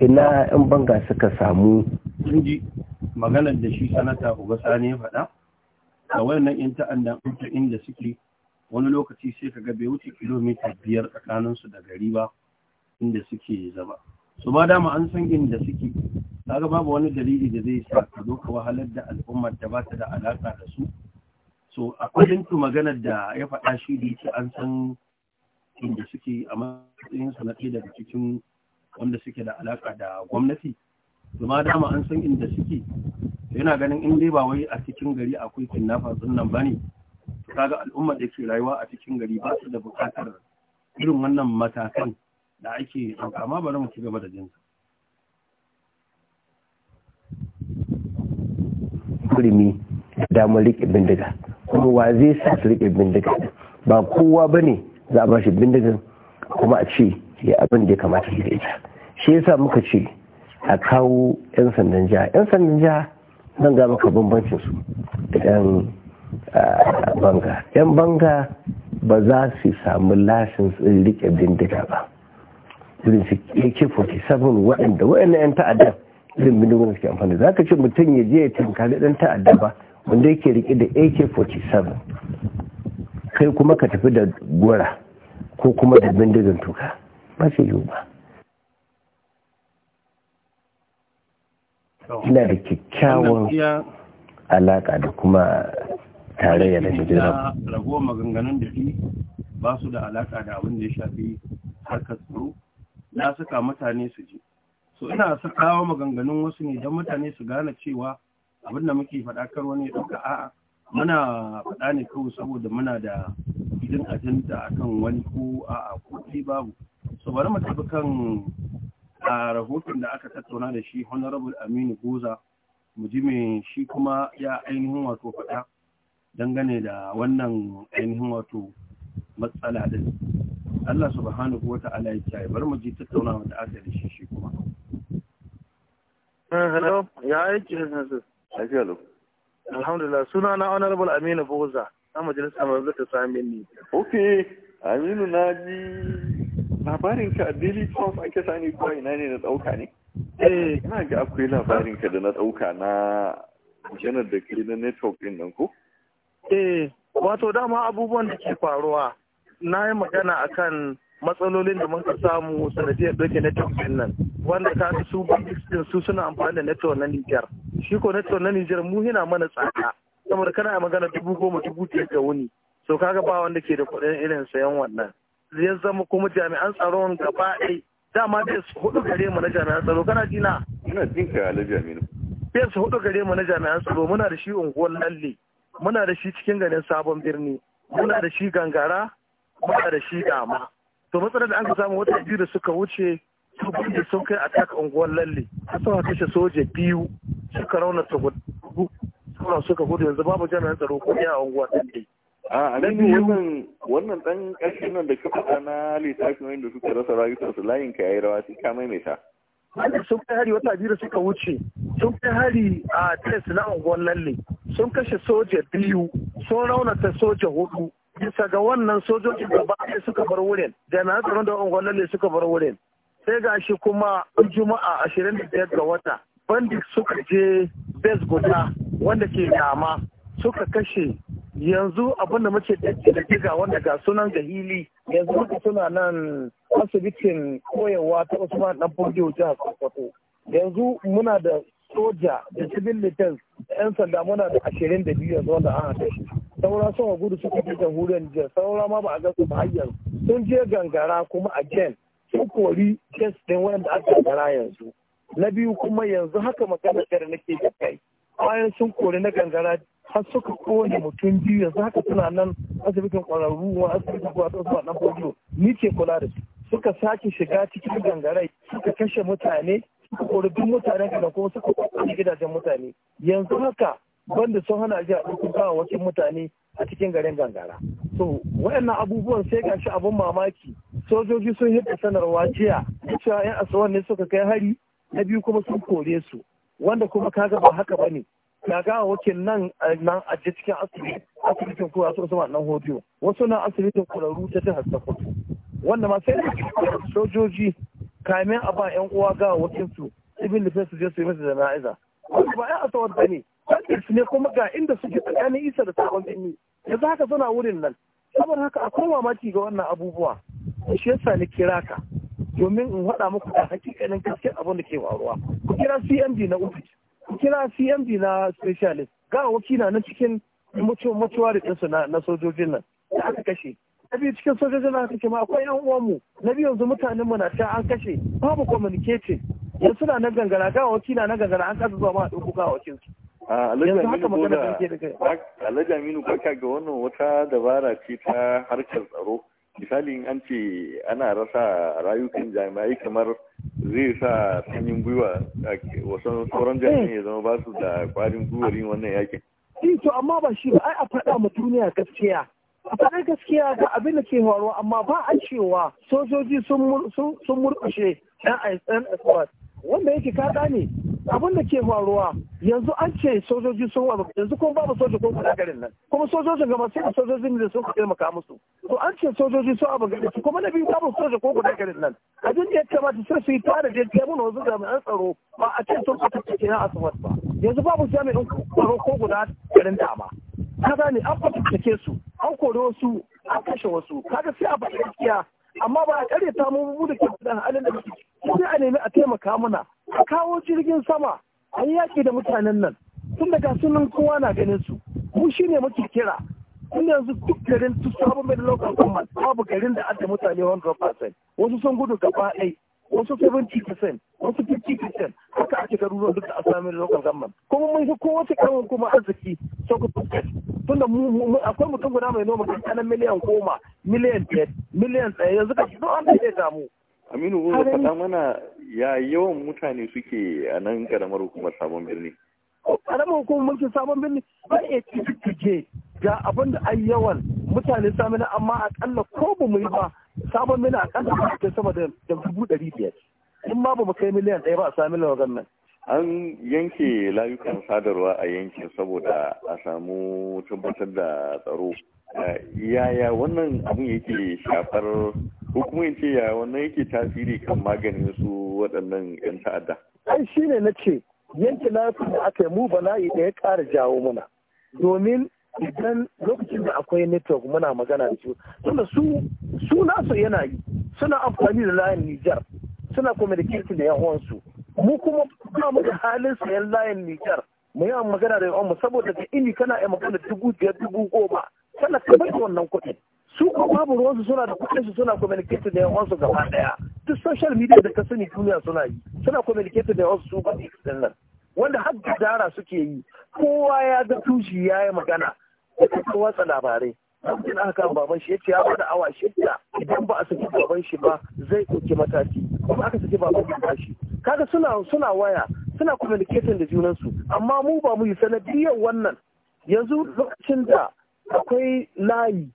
ina yan banga suka samu ji maganar da shi sanata uba sani faɗa a wayannan yan ta'addan inda suke wani lokaci sai ka ga bai wuce kilomita biyar tsakaninsu da gari ba inda suke zama su ba dama an san inda suke kaga babu wani dalili da zai sa ka zo wahalar da al'ummar da ba ta da alaka da su so a kudin maganar da ya faɗa shi da yake an san inda suke a matsayin su na ɗaya daga cikin wanda suke da alaka da gwamnati su ma dama an san inda suke yana ganin in dai ba wai a cikin gari akwai kidnappers sun nan bane kaga al'ummar da ke rayuwa a cikin gari ba su da buƙatar irin wannan matakan da ake sauka, amma bari mu ci gaba da jinsa da damar riƙe bindiga kuma wa zai sa su riƙe bindiga ba kowa ba ne za a ba shi bindigan kuma a ce ya abin da ya kamata ya ita shi yasa muka ce a kawo 'yan sandan jiha 'yan sandan jiha zan ga maka bambancin su da banga yan banga ba za su samu lasin tsin rike bindiga ba wurin su ak-47 waɗanda waɗanda 'yan ta'adda irin bindigun suke amfani za ka ce mutum ya je ya tinkali ɗan ta'adda ba wanda yake rike da ak-47 kai kuma ka tafi da gora ko kuma da bindigan tuka ba su yiwu ba ina da kyakkyawan alaƙa da kuma tarayya da hijira ragowar maganganun da shi ba su da alaka da abin da ya shafi harkar tsaro na saka mutane su ji so ina sakawa maganganun wasu ne don mutane su gane cewa abin da muke faɗa kar wani ya ɗauka a'a muna faɗa ne kawai saboda muna da gidan ajinta akan wani ko a'a ko babu so bari mu tafi kan a rahoton da aka tattauna da shi honorable aminu goza mu ji shi kuma ya ainihin wato faɗa dangane da wannan ainihin wato matsala din Allah subhanahu wa ta'ala ya kiyaye bari mu ji tattaunawa da aka da shi shi kuma eh, hello ya aiki su ai hello alhamdulillah suna na honorable Aminu Boza na majalisar samin ni. okay Aminu na ji labarin ka a Daily Post ake sani ko ina ne na dauka ne eh ina ga akwai labarin ka da na dauka na janar da ke na network din nan ko eh wato dama abubuwan da ke faruwa na yi magana a kan matsalolin da muka samu sanadiyar doke network din nan wanda ka fi su din su suna amfani da network na Niger shi ko network na Niger mu yana mana tsada saboda kana magana dubu goma dubu biyar ga wuni so kaga ba wanda ke da kuɗin irin sayan wannan Ya zama kuma jami'an tsaron gaba ɗaya dama bai su hudu gare mu na jami'an tsaro kana jina ina jin ka alhaji aminu bai su hudu gare mu na jami'an tsaro muna da shi unguwar lalle muna da shi cikin ganin sabon birni muna da shi gangara muna da shi dama to matsalar da an samu wata biyu da suka wuce su da sun kai a taka unguwar lalle a sama kashe soja biyu suka raunata gudu sauran suka gudu yanzu babu jami'an tsaro ko ya unguwar lalle a aminu wannan wannan dan ƙarshen nan da ka faɗa na littafin wanda suka rasa rayukansu layin ka yayi rawa sai ka maimaita wanda sun kai hari wata biyu da suka wuce sun kai hari a tes na unguwar lalle sun kashe soja biyu sun raunata soja hudu bisa ga wannan sojojin gaba ɗaya suka bar wurin jami'an tsaron da unguwar lalle suka bar wurin sai ga shi kuma juma'a ashirin da biyar ga wata bandit suka je bes guda wanda ke dama suka kashe yanzu abinda muke da ga wanda ga sunan ga hili yanzu suna nan asibitin koyawa ta Usman Dan Fodio jihar Sokoto. Yanzu muna da soja da civil defense yan sanda muna da ashirin da biyu yanzu wanda ana da shi. Saura sama gudu suka fi jamhuriyar Nijar, saura ma ba a ga su ba hanyar. Sun je gangara kuma a gen sun kori din ɗin wanda aka gangara yanzu. Na biyu kuma yanzu haka magana da nake da kai. Bayan sun kori na gangara har suka kone mutum biyu yanzu haka suna nan asibitin kwararru wa asibitin kwararru ta zuwa na ni ce kula da su. suka sake shiga cikin gangarai suka kashe mutane suka kori mutane mutanen kuma suka kwanci gidajen mutane yanzu haka banda sun hana ji a kawo wasu mutane a cikin garin gangara so waɗannan abubuwan sai gashi abin mamaki sojoji sun hidda sanarwa jiya cewa yan asuwan ne suka kai hari na biyu kuma sun kore su wanda kuma kaga ba haka bane ka ga wakil nan nan a cikin asibitin kura su nan hoto wasu na asibitin kwararru ta jihar sokoto wanda ma sai sojoji kamin a ba yan uwa ga su. ibin da su je su yi masa jana'iza wanda ba ya asawar da ne su ne kuma ga inda suke tsakanin isa da sabon birni yanzu haka suna wurin nan saboda haka akwai mamaki ga wannan abubuwa shi yasa ni kira ka domin in faɗa muku da hakikanin gaskiyar abin da ke faruwa ku kira cmd na ofis ku kira cmd na specialist ga wakina na cikin mutuwa da ɗinsu na sojojin nan da aka kashe na biyu cikin sojojin na kake ma akwai yan uwanmu na biyu yanzu mutanen mu na ta an kashe babu communicating yanzu suna na gangara wakil na na gangara an kasa zuwa ma a ga wakil su Alhaji Aminu barka ga wannan wata dabara ce ta harkar tsaro. Misali in an ce ana rasa rayukan jami'ai kamar zai sa sanyin gwiwa wasu sauran eh. jami'ai ya zama basu da kwarin gwiwar yin wannan yakin. Eh, to amma ba shi ba ai a faɗa ma duniya gaskiya faɗa gaskiya ga abin da ke faruwa amma ba a cewa sojoji sun murkushe yan iswat wanda yake kaɗa ne abin da ke faruwa yanzu an ce sojoji sun wa yanzu kuma babu soja ko kuɗa garin nan kuma sojojin gaba sai sojojin da sun maka musu to an ce sojoji sun abu su kuma na biyu babu soja ko kuɗa garin nan abin da ya kamata sai su yi tare da ya mun wasu jami'an tsaro ba a ce sun ke na asibiti ba yanzu babu jami'in tsaro ko guda garin dama ka ne an fatattake su an kore wasu an kashe wasu kaga sai a faɗi gaskiya amma ba a kare ta mu bubu da ke da halin da Su sai a nemi a taimaka mana a kawo jirgin sama a yi yaƙi da mutanen nan tun daga sunan kowa na ganin su mu ne muke kira tun yanzu duk garin tusa mai local government babu garin da adda mutane 100% wasu sun gudu gaba ɗaya wasu 70% wasu 50% haka ake garuruwan duk da asamin local government kuma mun fi kowace karin kuma arziki sokoto state tunda akwai mutum guda mai noma kankanin miliyan goma miliyan biyar miliyan ɗaya yanzu ka shi don an zai damu aminu wuri faɗa mana ya yawan mutane suke a nan karamar hukumar sabon birni karamar hukumar mulkin sabon birni ba a ga abin da ai yawan mutane samina amma akalla ko ba mu yi ba sabon mina akalla ta sama da dubu ɗari biyar in ma ba mu kai miliyan ɗaya ba a sami lawagan nan an yanke layukan sadarwa a yankin saboda a samu tabbatar da tsaro yaya wannan abin yake shafar hukumin ce ya wannan yake tasiri kan maganin su waɗannan 'yan ta'adda ai shine ne na ce yanke layukan da aka yi mu bala'i ɗaya ya ƙara jawo muna domin idan lokacin da akwai network muna magana da su tunda su su nasu yana yi suna amfani da layin Nijar suna communicating da su mu kuma ba mu da halin sayan layin Nijar mu yi magana da mu. saboda da ini kana yi magana dubu biyar dubu goma kana ka wannan kuɗi su kuma babu su suna da kuɗin su suna communicating da su gaba ɗaya duk social media da ka sani duniya suna yi suna communicating da yawansu su ba nan wanda har dara suke yi kowa ya ga tushi ya yi magana da ta watsa labarai abin aka kan baban shi yace ya bada awa shida idan ba a saki baban shi ba zai ɗauki mataki kuma aka saki baban shi ba shi kaga suna suna waya suna communicating da junansu amma mu ba mu yi sanadiyar wannan yanzu lokacin da akwai layi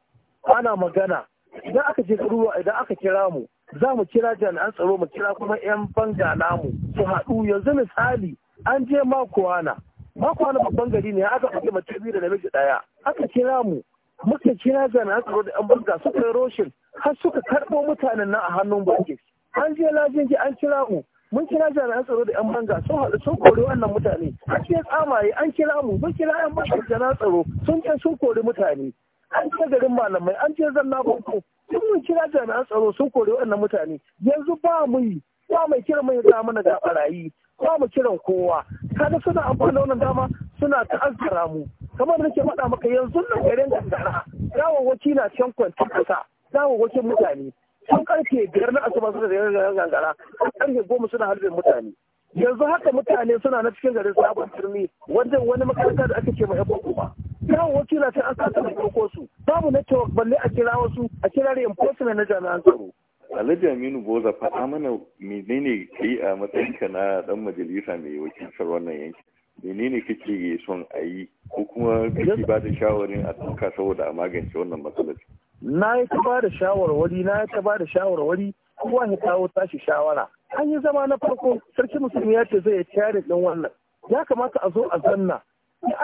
ana magana idan aka je ruwa idan aka kira mu za mu kira jami'an tsaro mu kira kuma 'yan banga namu su haɗu yanzu misali an je makuwana makuwana babban gari ne aka ɗauki mace biyu da namiji ɗaya aka kira mu muka kira jami'an tsaro da 'yan burga suka roshin har suka karɓo mutanen nan a hannun banki an je ji an kira mu mun kira jami'an tsaro da 'yan banga sun haɗu sun kori wannan mutane an ce tsamaye an kira mu mun kira 'yan banga jami'an tsaro sun ce sun kori mutane an ce garin malamai an ce zanna banko duk mun kira jami'an tsaro sun kori wannan mutane yanzu ba mu yi ba mai kira mai da mana da barayi ba mu kiran kowa kada suna amfani da wannan dama suna ta'azzara mu kamar da nake faɗa maka yanzu nan garin da tsara gawawwaki na can kwanci kasa gawawwakin mutane sun karfe biyar na asuba da zai gangara sun karfe goma suna harbin mutane yanzu haka mutane suna na cikin garin sabon turmi wanda wani makaranta da aka ce ma yabo kuma yawon na can an sata da ɗauko su babu cewa balle a kira wasu a kira da enforcement na jami'an tsaro Alhaji Aminu Boza faɗa mana menene kai a matsayinka na ɗan majalisa mai wakiltar wannan yanki. menene kake son a yi ko kuma kake ba da shawarin a tsaka saboda a magance wannan matsalar na yi ta ba da shawarwari na yi ta ba da shawarwari kowa ya kawo tashi shawara an yi zama na farko sarki musulmi ya ce zai ya tare din wannan ya kamata a zo a zanna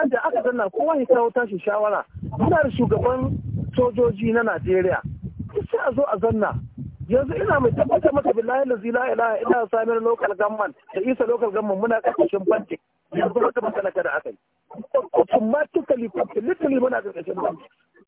an da aka zanna kowa ya kawo tashi shawara muna da shugaban sojoji na najeriya sai a zo a zanna yanzu ina mai tabbatar maka billahi lazi la ilaha illa samir local gamman da isa local gamman muna karkashin banki yanzu wata masalaka da aka yi automatically completely muna karkashin banki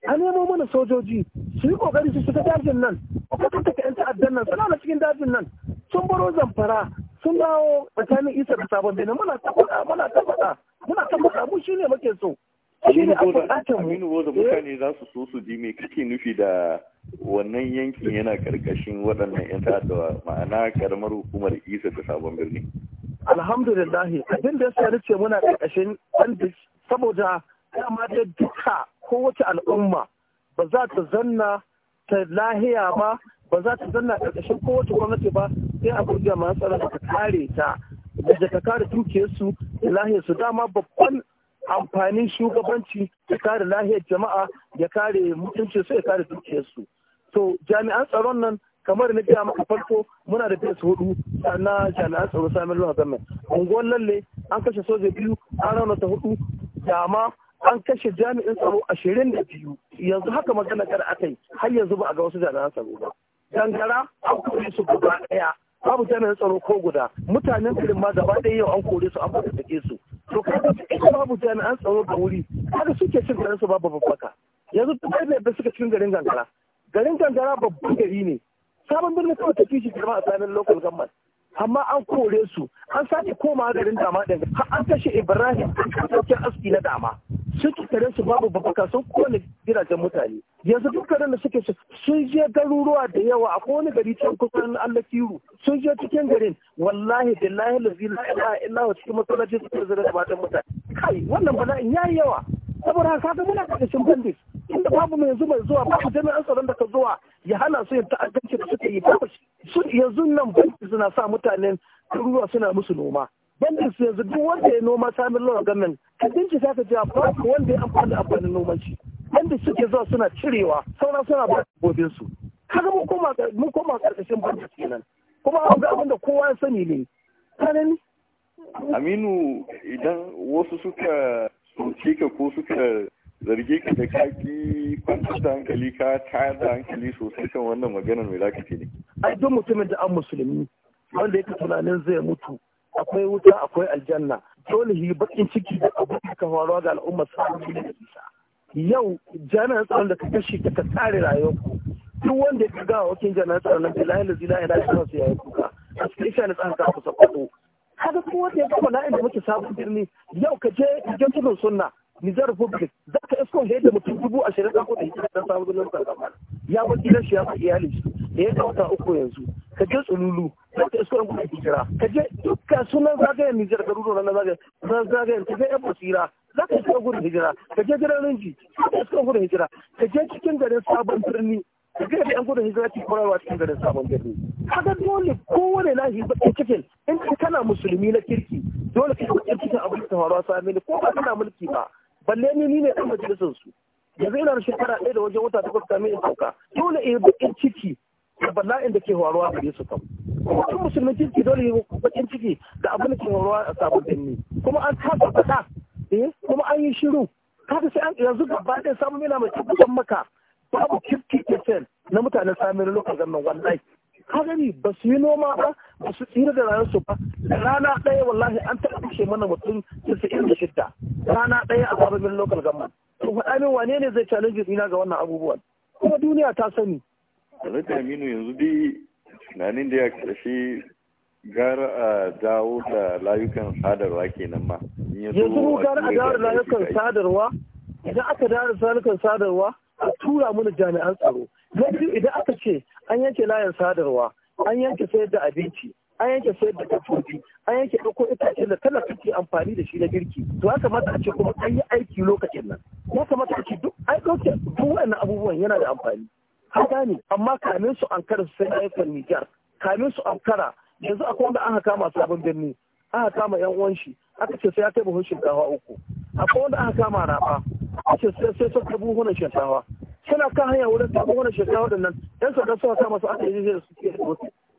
a nemo mana sojoji su yi kokari su shiga dajin nan ko kuka yan ta'addan nan suna na cikin dajin nan sun baro zamfara sun dawo tsakanin isa da sabon benin muna tabbata muna tabbata muna tabbata mu shine muke so Aminu amin mutane za su so su ji me kake nufi da wannan yankin yana karkashin waɗannan 'yan ta'adda ma'ana karamar hukumar isa ta sabon birni alhamdulillah abin da ya nace muna karkashin bandit saboda dama da duka kowace al'umma ba za ta zanna ta lahiya ba ba za ta zanna karkashin kowace gwamnati ba sai a kurga masu tsara ta kare ta da ta kare su da lahiyarsu dama babban amfanin shugabanci ya kare lahiyar jama'a ya kare mutuncin su ya kare dukiyarsu to jami'an tsaron nan kamar na biya maka farko muna da fes hudu na jami'an tsaro samun lura Zama. unguwar lalle an kashe soja biyu an raunata hudu dama an kashe jami'in tsaro ashirin da biyu yanzu haka magana kar aka yi har yanzu ba a ga wasu jami'an tsaro ba gangara an kore su guda daya babu jami'an tsaro ko guda mutanen kirin ma gaba ɗaya yau an kore su an fata su to kaga ita babu jami'an tsaro ga wuri kaga suke cin garin su babu babbaka yanzu ta bai da suka cin garin gangara garin gangara babban gari ne sabon birnin kawai tafi shi girma a tsakanin local government amma an kore su an sake koma garin dama ɗin har an kashe ibrahim a ɗauke aski na dama sun tare su babu babbaka sun kone gidajen mutane yanzu dukkanin da suke su sun je garuruwa da yawa a kowane gari can kusan allah kiru sun je cikin garin wallahi billahi lazi la ilaha illa cikin masallaci suke zira da mutane kai wannan bala'in yayi yawa saboda haka ga muna ƙarƙashin bandit inda babu mai zuwa zuwa babu jami'an tsaron da ka zuwa ya hana su yin ta'addanci da suke yi babu su yanzu nan bandit suna sa mutanen ruwa suna musu noma bandit yanzu duk wanda ya noma samun lawan gamin ka bincika ka jiya babu wanda ya amfani amfanin noman shi bandit suke zuwa suna cirewa sauran suna ba gobin su kaga mun koma mun koma ƙarƙashin bandit kenan kuma an ga abin da kowa ya sani ne Aminu idan wasu suka soke ka ko suka zarge ka da kaki kwantar da hankali ka tayar da hankali sosai kan wannan maganar mai zaka ne ai duk mutumin da an musulmi wanda ya yake tunanin zai mutu akwai wuta akwai aljanna dole yi bakin ciki da abu da ka faruwa ga al'ummar sa'adu da isa yau janar tsaron da ka kashe ka ka tsare rayuwarku duk wanda ya ga wakin janar tsaron nan bilahi ya ya dace shi yayi kuka a cikin shi tsaron ka ku kwado haka ko wanda ya ga bala'in da muke sabon birni yau ka je je sunna Nijar Republic za ka isko ne da mutum dubu ashirin da kuɗi da ɗan sabon birnin Sarkama ya bar gidan shi ya bar iyali shi da ya ɗauka uku yanzu ka je tsululu za ka isko ɗan hijira ka je dukkan sunan zagayen Nijar garuruwan na zagayen zagayen ka je ƴan basira za ka isko gudun hijira ka je gidan rinji za ka isko gudun hijira ka je cikin garin sabon birni tafiya da yan gudun hijira ke kwararwa cikin garin sabon birni kaga dole kowane lahi bakin cikin in kana musulmi na kirki dole ka bakin cikin abin da faruwa sami ne ko ba kana mulki ba balle ni ni ne dan majalisar su yanzu ina da shekara ɗaya da wajen wata takwas kamin in sauka dole in bakin ciki da bala'in da ke faruwa a gare su kam kuma musulmin kirki dole yi bakin ciki da abin da ke faruwa a sabon birni kuma an kasa faɗa eh, kuma an yi shiru kaga sai an yanzu gaba ɗaya samun yana mai tabbatar maka babu kifin na mutanen samun lokacin zaman wallahi ka gani ba su yi noma ba ba su tsira da rayuwarsu ba da rana ɗaya wallahi an taɓa kashe mana mutum casa'in da shidda rana ɗaya a min lokal government to faɗa min wane ne zai challenge ina ga wannan abubuwan kuma duniya ta sani Alhaji Aminu yanzu Na tunanin da ya ƙarshe gara a dawo da layukan sadarwa kenan ma yanzu mu gara a dawo da layukan sadarwa idan aka dawo da layukan sadarwa a tura mana jami'an tsaro na biyu idan aka ce an yanke layin sadarwa an yanke sayar da abinci an yanke sayar da kafofi an yanke ɗauko itace da talaka ke amfani da shi na girki to ya kamata a ce kuma an yi aiki lokacin nan ya kamata a ce duk an ɗauke duk waɗannan abubuwan yana da amfani ka gane amma kamin su ankara su sai ayyukan Nijar kamin su ankara yanzu akwai wanda an haka masu abin birni aka kama yan uwan shi aka ce sai ya kai buhun shinkawa uku akwai wanda aka kama rafa aka ce sai sai sun karbi buhunan shinkawa suna kan hanya wurin karbi buhunan shinkawa da nan yan sanda suka kama su aka yi da su ke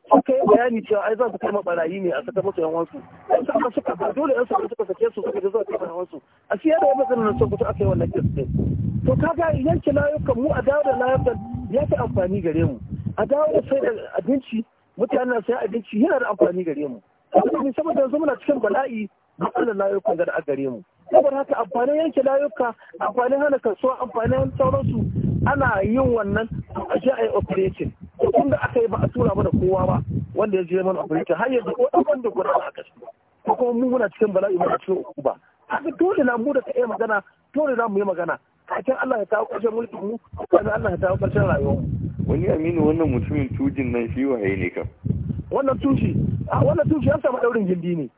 suka yi bayani cewa ai za su kama barayi ne a saka musu yan wasu yan sanda suka ba dole yan sanda suka sake su suka ji zuwa kai wasu a siya da wani matsalar sun kusa aka yi wannan ɗin to kaga yanke layukan mu a dawo da layukan ya fi amfani gare mu a dawo da sai da abinci mutane na sayan abinci yana da amfani gare mu ne saboda yanzu muna cikin bala'i matsalar layukan da a gare mu saboda haka amfanin yanke layuka amfanin hana kasuwa amfanin sauransu ana yin wannan a je a yi operation tun da aka yi ba a tura mana kowa ba wanda ya je mana operation har yanzu ko ɗan wanda guda a kasu. ko kuma mu muna cikin bala'i muna cikin uku ba haka dole na mu da ka iya magana dole na mu yi magana kakin Allah ya kawo ƙarshen mulkin mu kakin Allah ya kawo ƙarshen rayuwar mu wani aminu wannan mutumin tujin nan shi waye ne kam wannan tushi a wannan tushi an samu daurin gindi ne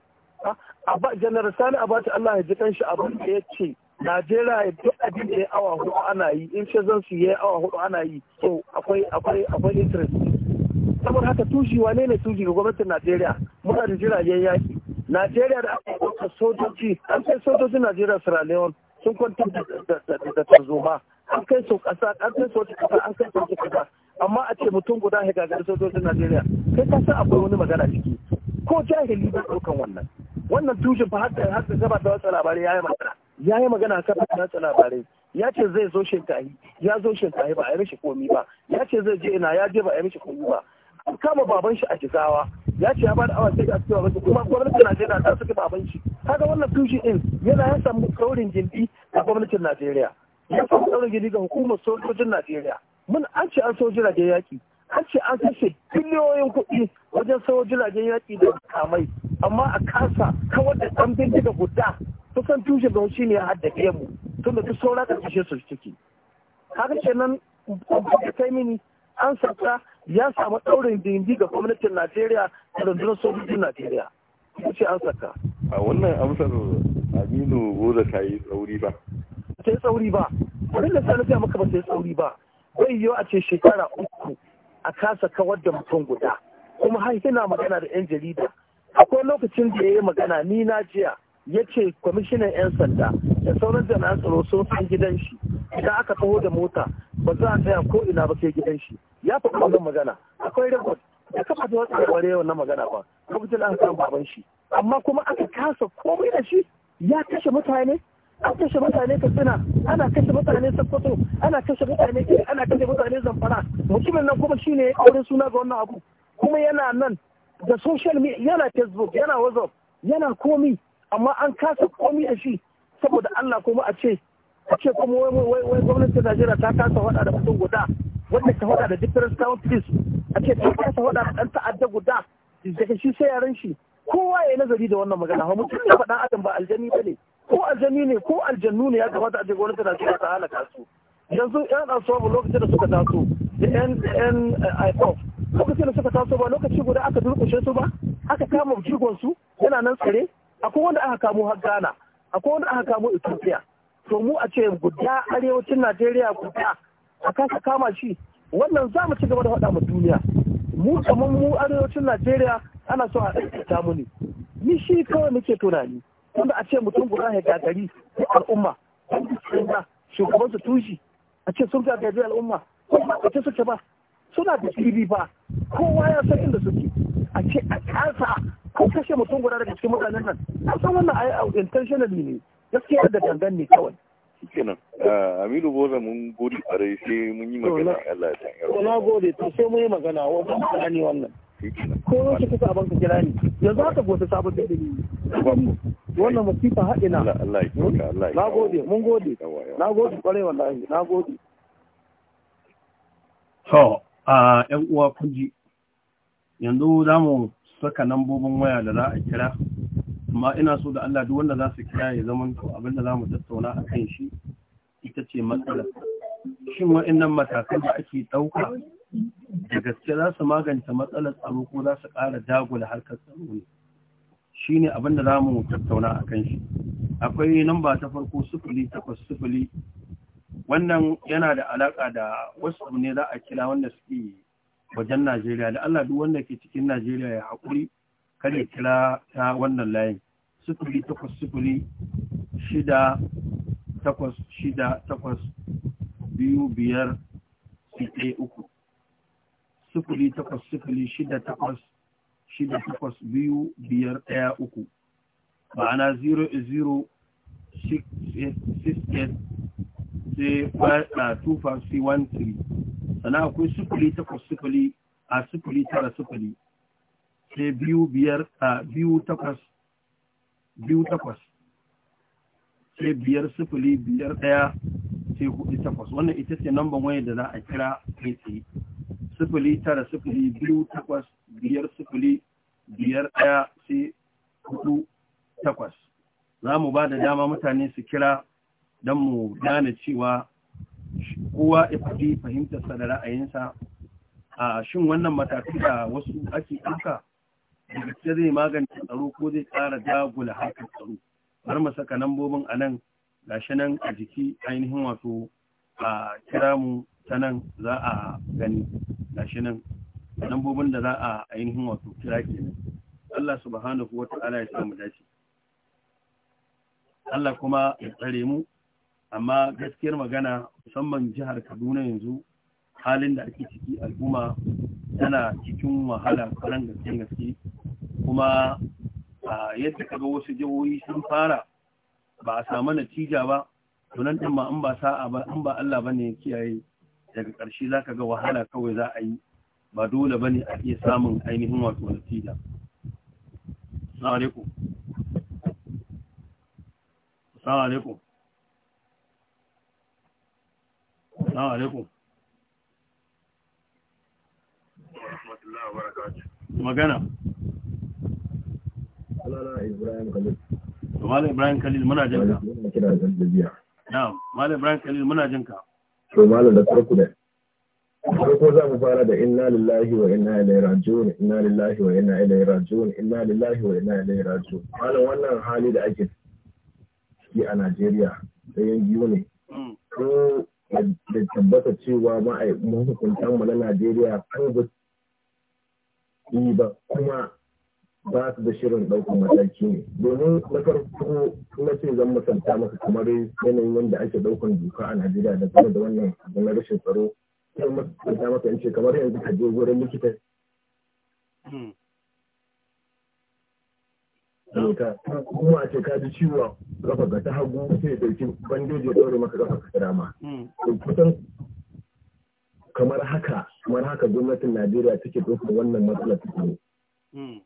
ba janar sani abata Allah ya ji kanshi abin da ya ce Najeriya duk abin da ya awa hudu ana yi in zan su ya awa hudu ana yi so akwai akwai akwai interest saboda haka tushi wane ne tushi ga gwamnatin Najeriya muna da jiragen yaki Najeriya da aka ɗauka sojoji an kai sojojin Najeriya Sierra Leone sun kwantar da tarzoma an kai su ƙasa an kai su wata ƙasa an kai su wata ƙasa amma a ce mutum guda ya gagari sojojin najeriya Kai ka san akwai wani magana ciki ko jahili ba ɗaukan wannan wannan tushen fa har da gaba da watsa labarai ya magana ya yi magana kan watsa labarai ya ce zai zo shinkahi ya zo shinkahi ba a yi mishi komi ba ya ce zai je ina ya je ba a yi mishi komi ba an kama baban shi a jigawa ya ce ya bada awa sai ga cewa wasu kuma gwamnatin najeriya ta suka baban shi kaga wannan tushen din yana ya samu kaurin gindi a gwamnatin najeriya ya samu saurin gindi ga hukumar sojojin najeriya mun an ce an sau jiragen yaƙi an ce an kashe biliyoyin kuɗi wajen sau jiragen yaƙi da kamai amma a kasa kawar da ɗan bindiga guda kusan tushe ba shi ne ya haddace mu tun da ta saura kashe su ciki haka nan da kai mini an saka ya samu ɗaurin dindi ga gwamnatin najeriya da rundunar sojojin najeriya ya ce an saka a wannan amsar aminu goza ta yi tsauri ba ta yi tsauri ba wani da sanar da maka ba ta yi tsauri ba Akwai yiwu a ce shekara uku a kasa kawar da mutum guda kuma har yana magana da 'yan jarida akwai lokacin da ya yi magana ni na jiya ya ce kwamishinan 'yan sanda da sauran jami'an tsaro sun san gidan shi idan aka taho da mota ba za a tsaya ko ina ba sai gidan shi ya faɗi wannan magana akwai rekod ya kafa ta wata yau na magana ba lokacin da aka samu baban shi amma kuma aka kasa komai da shi ya kashe mutane an kashe mutane katsina ana kashe mutane sokoto ana kashe mutane ke ana kashe mutane zamfara mutumin nan kuma shine ya aure suna ga wannan abu kuma yana nan da social media yana facebook yana whatsapp yana komi amma an kasa komi a shi saboda Allah kuma a ce a ce kuma wai gwamnatin Najeriya ta kasa hada da mutum guda wanda ta hada da different counties a ce ta kasa hada da dan ta'adda guda daga shi sai yaran shi kowa ya yi nazari da wannan magana mutum ne faɗa adam ba aljani bane ne ko aljani ne ko aljannu ne ya kamata a ce gwamnati na cewa ta halaka su yanzu yan asuwabu lokacin da suka taso da yan yan eh, ipof lokacin da suka taso ba lokaci guda aka durkushe su ba aka kama jirgon su yana nan tsare akwai wanda aka kamo har ghana akwai wanda aka kamo ethiopia to mu a ce guda arewacin najeriya guda a kasa kama shi wannan za mu ci gaba da faɗa ma duniya mu kamar mu arewacin najeriya ana so a ɗaukata mu ne ni shi kawai nake tunani tunda a ce mutum guda ya gagari ko al'umma shugaban su tushi a ce sun gagari al'umma ko ba a ce suke ba suna da fili ba kowa ya san inda suke a ce a kasa ko kashe mutum guda daga cikin mutanen nan a san wannan a ai intentionally ne gaskiya da dangan ne kawai kenan ah, aminu boza mun gode kwarai sai mun yi magana Allah ya tanyar na gode to sai mun yi magana wajen mutane wannan ko shi kuka abin ka kira ni yanzu haka gobe sabon da ne wannan masifa haɗina na gode mun gode na gode kwarai wallahi na gode to a ƴan uwa kuji yanzu za mu saka lambobin waya da za a kira amma ina so da Allah duk wanda za su kira ya zama to abinda za mu tattauna a kan shi ita ce matsala. shin wa'annan matakan da ake ɗauka gaske za su magance matsalar tsaro ko za su ƙara dagula harkar tsaro ne shi ne abinda za mu tattauna a kan shi akwai namba ta farko sufuli takwas sufuli wannan yana da alaƙa da wasu ne za a kira wanda suke wajen najeriya da allah duk wanda ke cikin najeriya ya haƙuri kada ya kira ta wannan layin sufuli takwas sufuli shida takwas shida takwas biyu biyar uku sifili takwas sifili shida takwas shida takwas biyu biyar ɗaya uku ma'ana zero zero six six eight eight sai five uh, tufa one three sana akwai sufuri takwas sufuri a sufuri tara sufuri sai biyu biyar a biyu takwas biyu takwas sai biyar sufuri biyar daya sai hudu takwas wannan ita ce namban waya da za a kira kai tsaye sifili tara sifili biyu takwas biyar sifili biyar ɗaya sai hudu takwas za mu ba da dama mutane su kira don mu gane cewa kowa ya fahimtar fahimtarsa da ra'ayinsa a shin wannan matakai da wasu ake ɗauka da zai magance tsaro ko zai tsara dagula harkar tsaro har mu saka lambobin a nan gashi nan a jiki ainihin wato a kira mu ta nan za a gani gashi nan lambobin da za a ainihin wato kira ke nan, Allah subhanahu wa ta'ala ya samu dace Allah kuma ya tsare mu amma gaskiyar magana musamman jihar Kaduna yanzu halin da ake ciki al'umma tana cikin wahala karan gaske gaske kuma yadda kaga wasu jihohi sun fara ba a samu natija ba tunan din ma in ba sa'a ba an ba Allah bane ya kiyaye daga ƙarshe za ka ga wahala kawai za a yi ba dole ba ne a iya samun ainihin wato natija. Magana. Sunana Ibrahim Khalil. Ibrahim Khalil muna jinka. Na, Mala Ibrahim Khalil muna jinka. to malam da farko da farko za mu fara da inna lillahi wa inna ilaihi raji'un inna lillahi wa inna ilaihi raji'un inna lillahi wa inna ilaihi raji'un malam wannan hali da ake ciki a Najeriya yan yanzu ne ko da tabbata cewa ma'aikatan mu na Najeriya kan ba kuma ba su da shirin ɗaukar mataki ne domin na farko na ce zan musanta maka kamar yanayin wanda ake ɗaukar doka a najeriya da game da wannan abu na rashin tsaro sai musanta maka in ce kamar yanzu ka je wurin likita ta hmm. kuma a ce ka ji ciwo kafa ga ta hagu sai dauki bandeji ya daure maka kafa ka dama hmm. kusan kamar haka kamar haka gwamnatin najeriya take ɗaukar wannan matsalar ta hmm.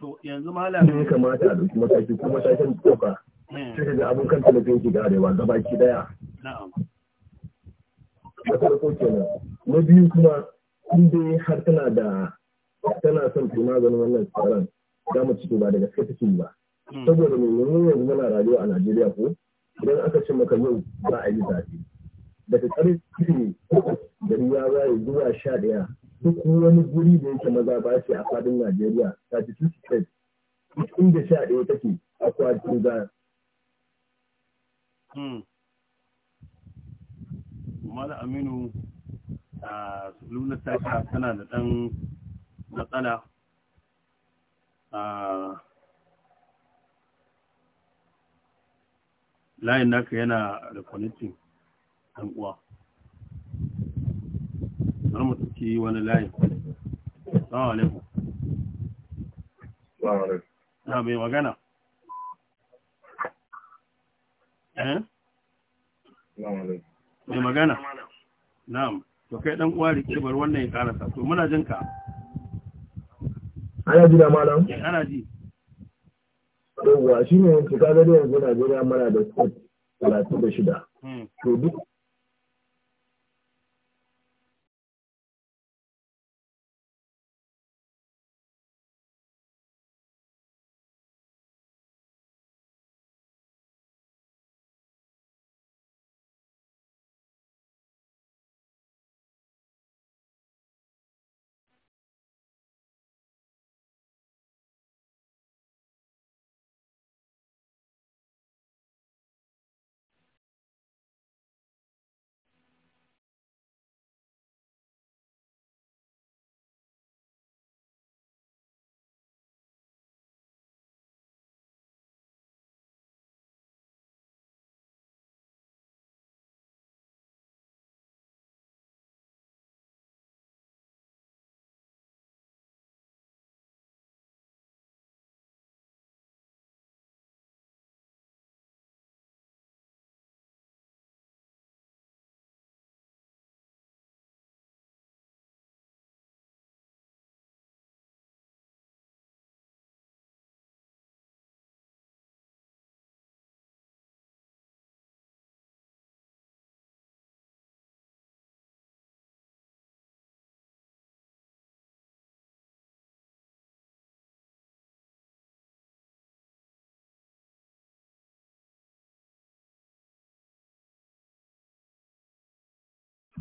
to yanzu malam ne kamata a dauki mataki kuma shashin tsoka hmm. sai da abokan talabijin ki da arewa gaba ki daya na'am na farko kenan na biyu kuma in dai har tana da tana son ta maganin wannan tsaron za mu ci ba da gaske ci ba hmm. saboda mai yanzu yanzu muna rayuwa a Najeriya ko idan aka ce maka yau za a yi zafi daga ƙarfi gari ya zuwa sha ɗaya duk wani guri da yake maza ba ce a fadin Najeriya su state cikin da sha ɗaya take a kwacin za. Hmm. Mala Aminu a Luna Taka tana da ɗan matsala a layin naka yana da connecting ɗan uwa. ti wani layi salamu alaikun salamu alaikum na mai magana eh salamu alaikum mai magana na'am to kai dan uwa rike bar wannan ya karasa to muna jin ka ana ji da malam eh, ana ji yawwa shine yanzu kaga da yanzu Najeriya muna da 36 hmm. to duk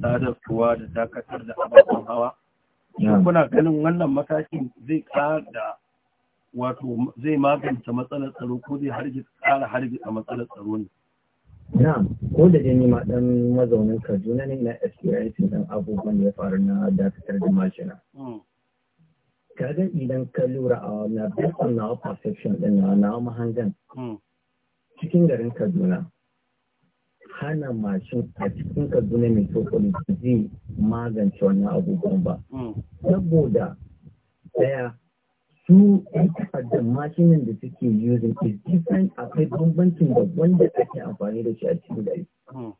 sadarwa da dakatar da ababen hawa kuna ganin wannan matakin zai wato zai magance matsalar tsaro ko zai ƙara kara a matsalar tsaro ne Na ko da jini ma dan mazaunin Kaduna ne na SQIC dan abubuwan da ya faru na dakatar da mashina. Hmm. Kaga idan ka lura a na based on perception din na na mahangan. Hmm. Cikin garin Kaduna, hana mashin a cikin kaduna mai metropolis zai magance wannan abubuwan ba hmm. saboda daya su yan takardar mashinin da suke using is different akwai bambancin da wanda ake amfani da shi a cikin gari hmm.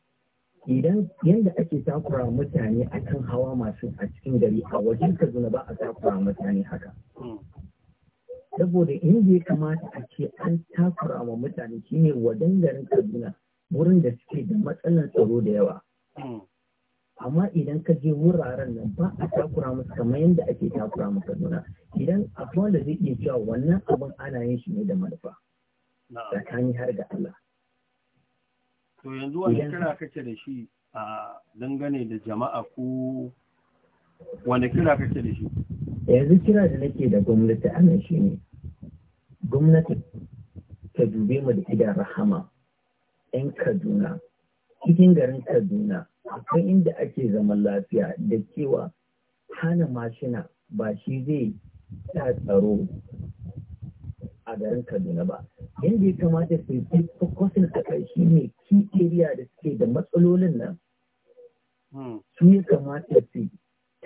idan yadda ake takura mutane a kan hawa mashin a cikin gari a wajen kaduna ba a takura mutane haka hmm. saboda inda ya kamata a ce an takura wa mutane shine wajen garin kaduna wurin da suke da matsalar tsaro da yawa hmm. amma idan ka je wuraren nan ba a takura musu kamar yadda ake takura musu Kaduna idan akwai da zai iya cewa wannan abin ana yin shi ne da manufa tsakani har da Allah to yanzu wani kira kake da shi a dangane da jama'a ko wani kira kake da shi yanzu kira da nake da gwamnati ana shi ne gwamnati ta dube mu da idan rahama 'yan Kaduna, cikin garin Kaduna, akwai inda ake zaman lafiya da cewa hana mashina ba shi zai ta tsaro a garin Kaduna ba. Yanda ya kamata su yi focusin a ƙarshe ne ki area da suke da matsalolin nan. Hmm. Su ya kamata su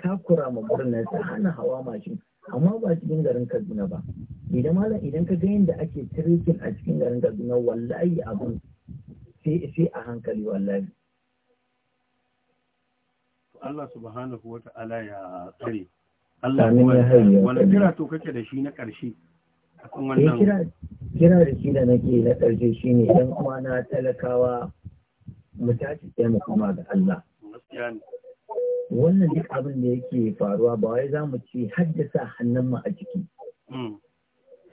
takura ma birnin su hana hawa mashin amma ba cikin garin Kaduna ba. Idan malam idan ka ga yadda ake tirikin a cikin garin Kaduna wallahi abin sai a hankali wallahi Allah subhanahu wa ta'ala ya tsare Allah ya wani kira to kake da shi na ƙarshe akan eh, wannan kira da shi da nake na ƙarshe shine dan na talakawa mu tashi sai mu kuma ga Allah wannan duk abin da yake faruwa ba wai za mu ce haddasa hannun mu a ciki hmm.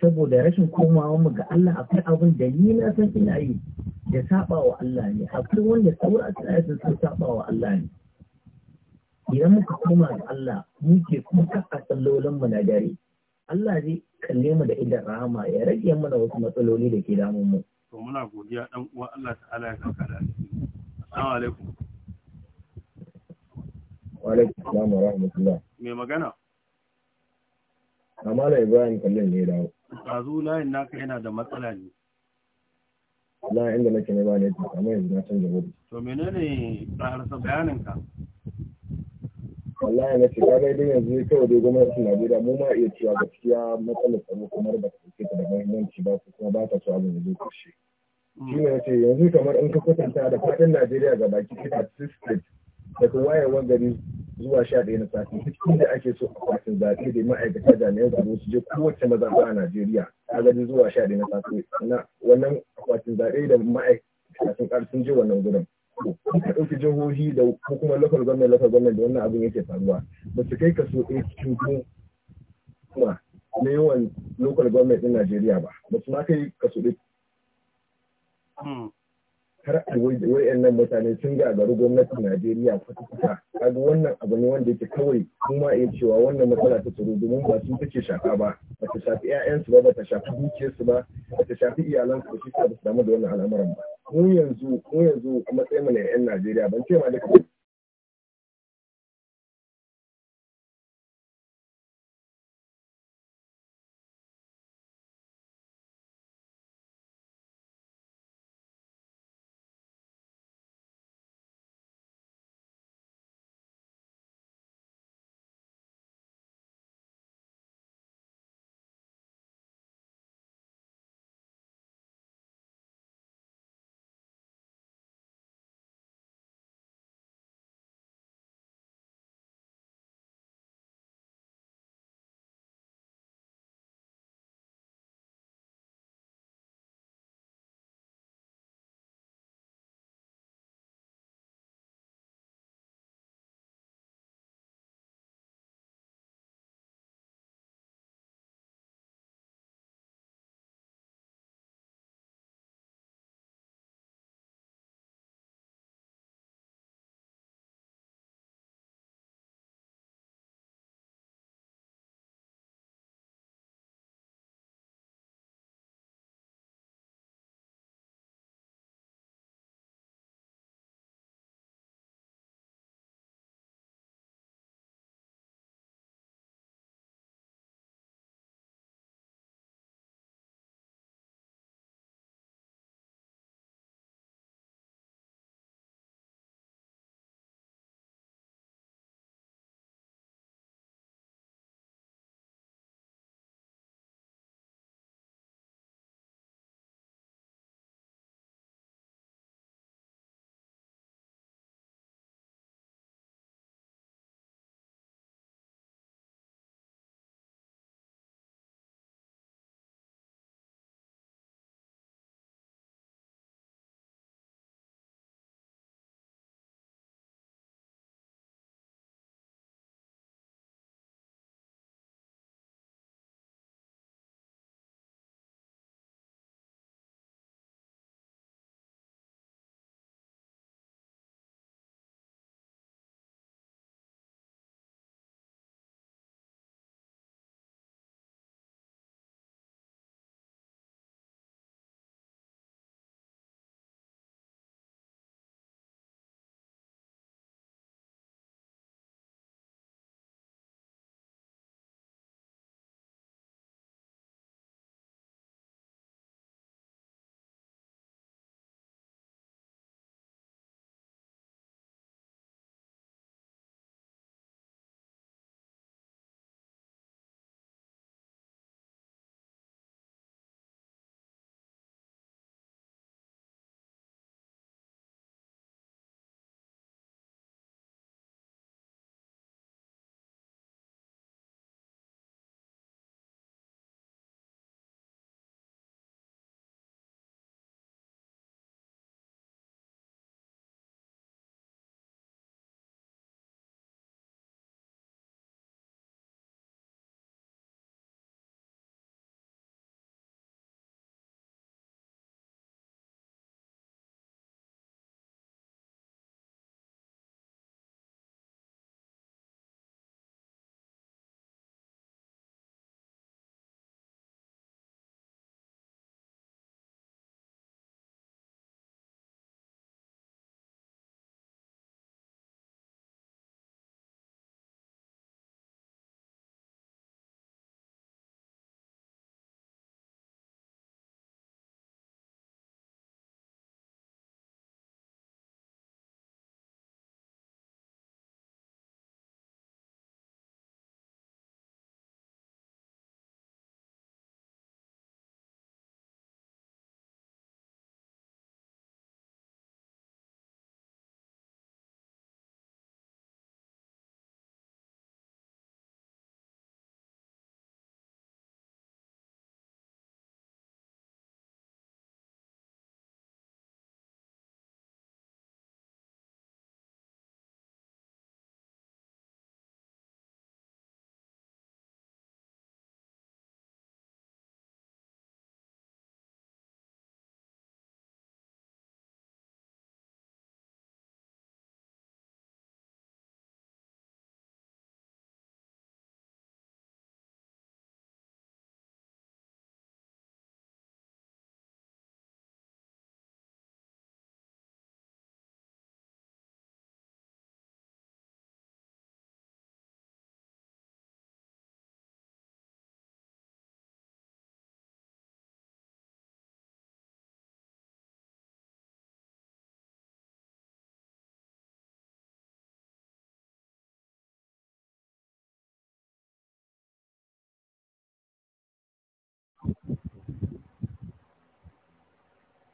saboda rashin komawa mu ga Allah akwai abin da ni na san ina yi da saba wa Allah ne akwai wanda saura ta sun san saba wa Allah ne idan muka koma ga Allah muke kuka a tsallolin mu na dare Allah zai kalle mu da idan rahama ya rage mana wasu matsaloli da ke damun mu to muna godiya dan uwa Allah ta'ala ya da assalamu alaikum wa alaikum assalam wa rahmatullah me magana amma na ibrahim kallon ne dawo kazu layin naka yana da matsala ne na inda nake ne ba ne ta amma yanzu na canza gudu to menene tsaharsa bayanin ka wallahi na ce ka ga idan yanzu kawai dai gwamnati na gida mu ma iya cewa gaskiya matsalar tsaro kamar ba ta ɗauke ta da muhimmanci ba kuma ba ta so abin da zai ƙarshe mm. shi ne ya ce yanzu kamar in ka kwatanta da faɗin najeriya ga baki kita six states daga wayewar gari zuwa sha ɗaya na safe duk inda ake so a kwatin zaɓe da ma'aikata jami'an tsaro su je kowace mazaɓa a Najeriya a gari zuwa sha ɗaya na safe na wannan akwatin zaɓe da ma'aikata sun ƙar sun je wannan gurin Kuka ɗauki jihohi da hukumar lokal gwamnati lokal gwamnati da wannan abin yake faruwa ba su kai kaso ɗaya cikin kuma na yawan lokal gwamnati na Najeriya ba ba su ma kai kaso ɗaya hmm. har a wayan nan mutane sun gagaru gwamnatin Najeriya kwata-kwata kaga wannan abu ne wanda yake kawai kuma iya cewa wannan matsala ta tsaro domin ba su take shafa ba ba ta shafi 'ya'yansu ba ba ta shafi dukiyarsu ba ba ta shafi iyalansu ba shi ba su damu da wannan al'amuran ba mu yanzu mu yanzu a matsayin mu na ƴan Najeriya ban ce ma duka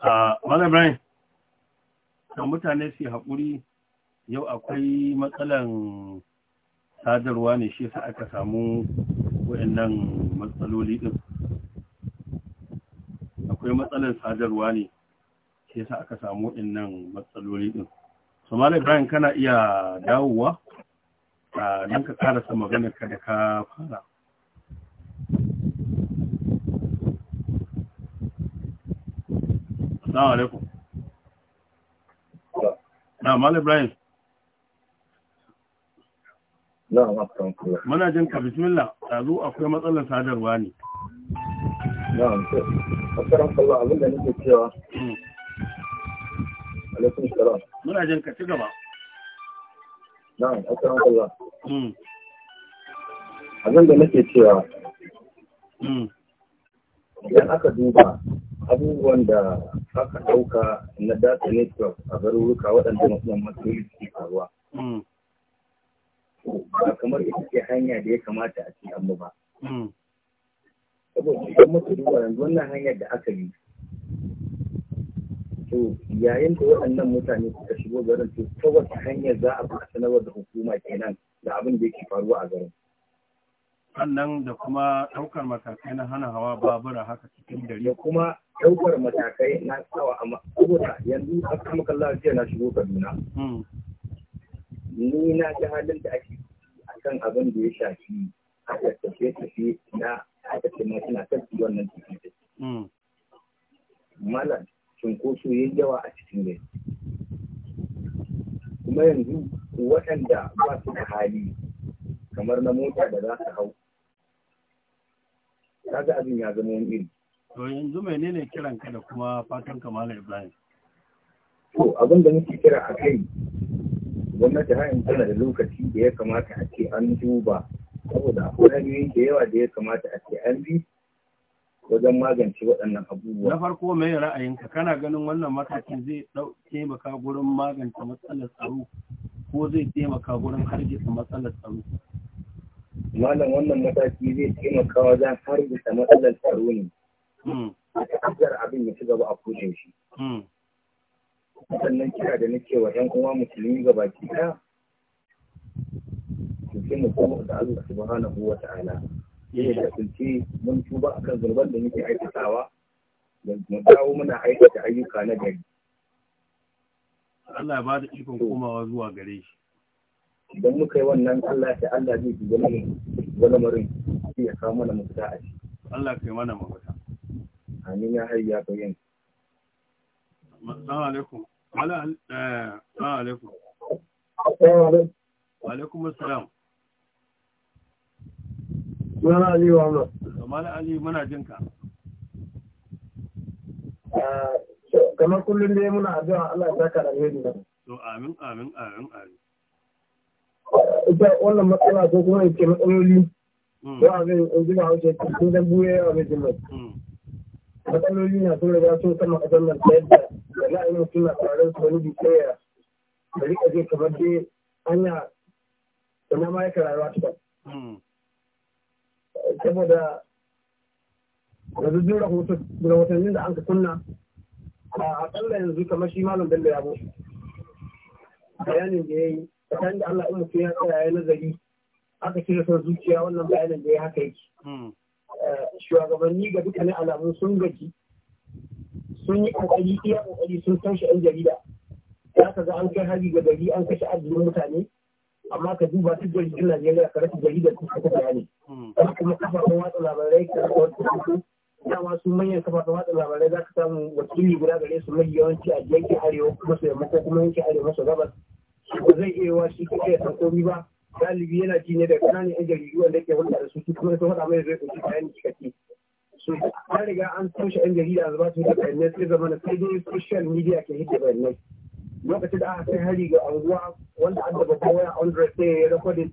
Ah, Malam Ibrahim, kan mutane su haƙuri yau akwai matsalan sadarwa ne shi sa aka samu waɗannan matsaloli ɗin. Akwai matsalan sadarwa ne shi sa aka samu waɗannan matsaloli ɗin. So kana iya dawowa ah, don ka karasa maganar ka da ka fara. Assalamu alaikum. Na Mal Ibrahim. Muna jin ka bismillah, tazo akwai matsalar sadarwa ne. Na'am. Assalamu abin abinda nake cewa. Hmm. Alaikum shara. Muna jin ka ci gaba. Na'am, hmm. assalamu alaikum. Abinda nake cewa. Hmm. Idan aka duba abubuwan da aka ɗauka na data network a garuruka waɗanda matsalan matsaloli suke faruwa. Mm. Ba kamar ita ce hanya da ya kamata a ce an ba. Mm. Saboda idan muka duba yanzu wannan hanyar da aka yi. To yayin da waɗannan mutane suka shigo garin to ta wata hanyar za a ba sanarwar da hukuma kenan da abin da yake faruwa a garin. sannan da kuma ɗaukar matakai na hana hawa babura haka cikin dare. Da kuma ɗaukar matakai na tsawa a saboda yanzu a kama kallon jiya na shigo Kaduna. Hmm. Ni na ji halin da ake a kan abin da ya shafi a tafiye-tafiye na aka ce ma suna tafi wannan tafiye Malam cunkoso ya yawa a cikin gari. Kuma yanzu waɗanda ba su da hali kamar na mota da za su hau kaga abin ya zama wani iri to yanzu menene kiran ka da kuma fatan kamala ibrahim to abin da muke kira a kai gwamnati har in tana da lokaci da ya kamata a ce an duba saboda akwai hanyoyin da yawa da ya kamata a ce an bi wajen magance waɗannan abubuwa. Na farko mai ra'ayinka kana ganin wannan matakin zai taimaka gurin magance matsalar tsaro ko zai taimaka gurin hargitsa matsalar tsaro? malam wannan mataki zai taimaka wajen har da matsalar tsaro ne hmm. a ta'azzar abin ya ci gaba a kushe shi hmm. sannan kira da nake wa yan uwa musulmi ga baki ɗaya sai mu da Allah na wa ta'ala yayin da ce mun tuba a kan zurban da muke aikatawa da mu dawo muna aikata ayyuka na gari Allah ya ba da ikon komawa zuwa gare shi idan muka yi wannan Allah sai Allah zai duba mu wani marin shi ya kawo mana mafita a shi Allah kai mana mafita amin ya hayya bayan assalamu alaikum ala eh assalamu alaikum assalamu alaikum wa alaikum assalam Mala Ali wa Amna. Mala Ali muna jin ka. Ah, kamar kullum dai muna addu'a Allah ya saka da hedi. To amin amin amin amin. ita wannan matsala ko kuma ce matsaloli ba a zai in zuba haushe cikin dambu ya yawa mai jimai hmm. matsaloli na sun riga sun sama a zannan ta yadda da la'ayin na taron su wani bisaya da rika zai kamar dai hanya ina ma yaka rayuwa ta hmm. saboda yanzu duk rahoton da watannin da an ka kunna a akalla yanzu kamar shi malam bello ya bo bayanin da ya yi tsakanin da Allah in mutum ya tsaya ya nazari aka cire son zuciya wannan bayanin da ya haka yake hmm. eh, shugabanni ga dukkanin alamu sun gaji sun yi kokari iya kokari sun tashi yan jarida ya ka ga an kai hari ga gari an kashe arzikin mutane amma ka duba duk jaridun Najeriya ka rasa jaridar ta saka bayani hmm. kuma kafafen watsa labarai ka rasa wata suku dama su manyan kafafen watsa labarai za ka samu wakili guda gare su mai yawanci a yankin arewa kuma su yamma ko kuma yankin arewa maso gabas ba zai iya wa shi kai a komi ba galibi yana ji ne da kananan yan jaridu wanda yake hulɗa da su su kuma sun faɗa mai zai ɗauki kayan cikakke so an riga an toshe yan jarida a su da bayanai sai zama na sai dai social media ke hidda bayanai lokacin da aka kai hari ga anguwa wanda an kowa ya andres sai ya rikodin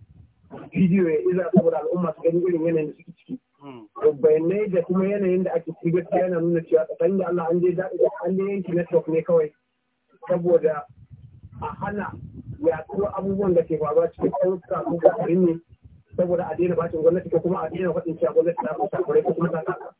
bidiyo ya iza saboda al'umma su gani irin yanayin da suke ciki hmm. bayanai da kuma yanayin da ake ciki yana nuna cewa tsakanin da Allah an je da an je yanki network ne kawai saboda a hana yaɗuwar abubuwan da ke faruwa cikin ƙauyuka sun kasarin ne saboda a daina bacin gwamnati ko kuma a daina faɗin cewa gwamnati ta kusa kwarai kuma ta kasa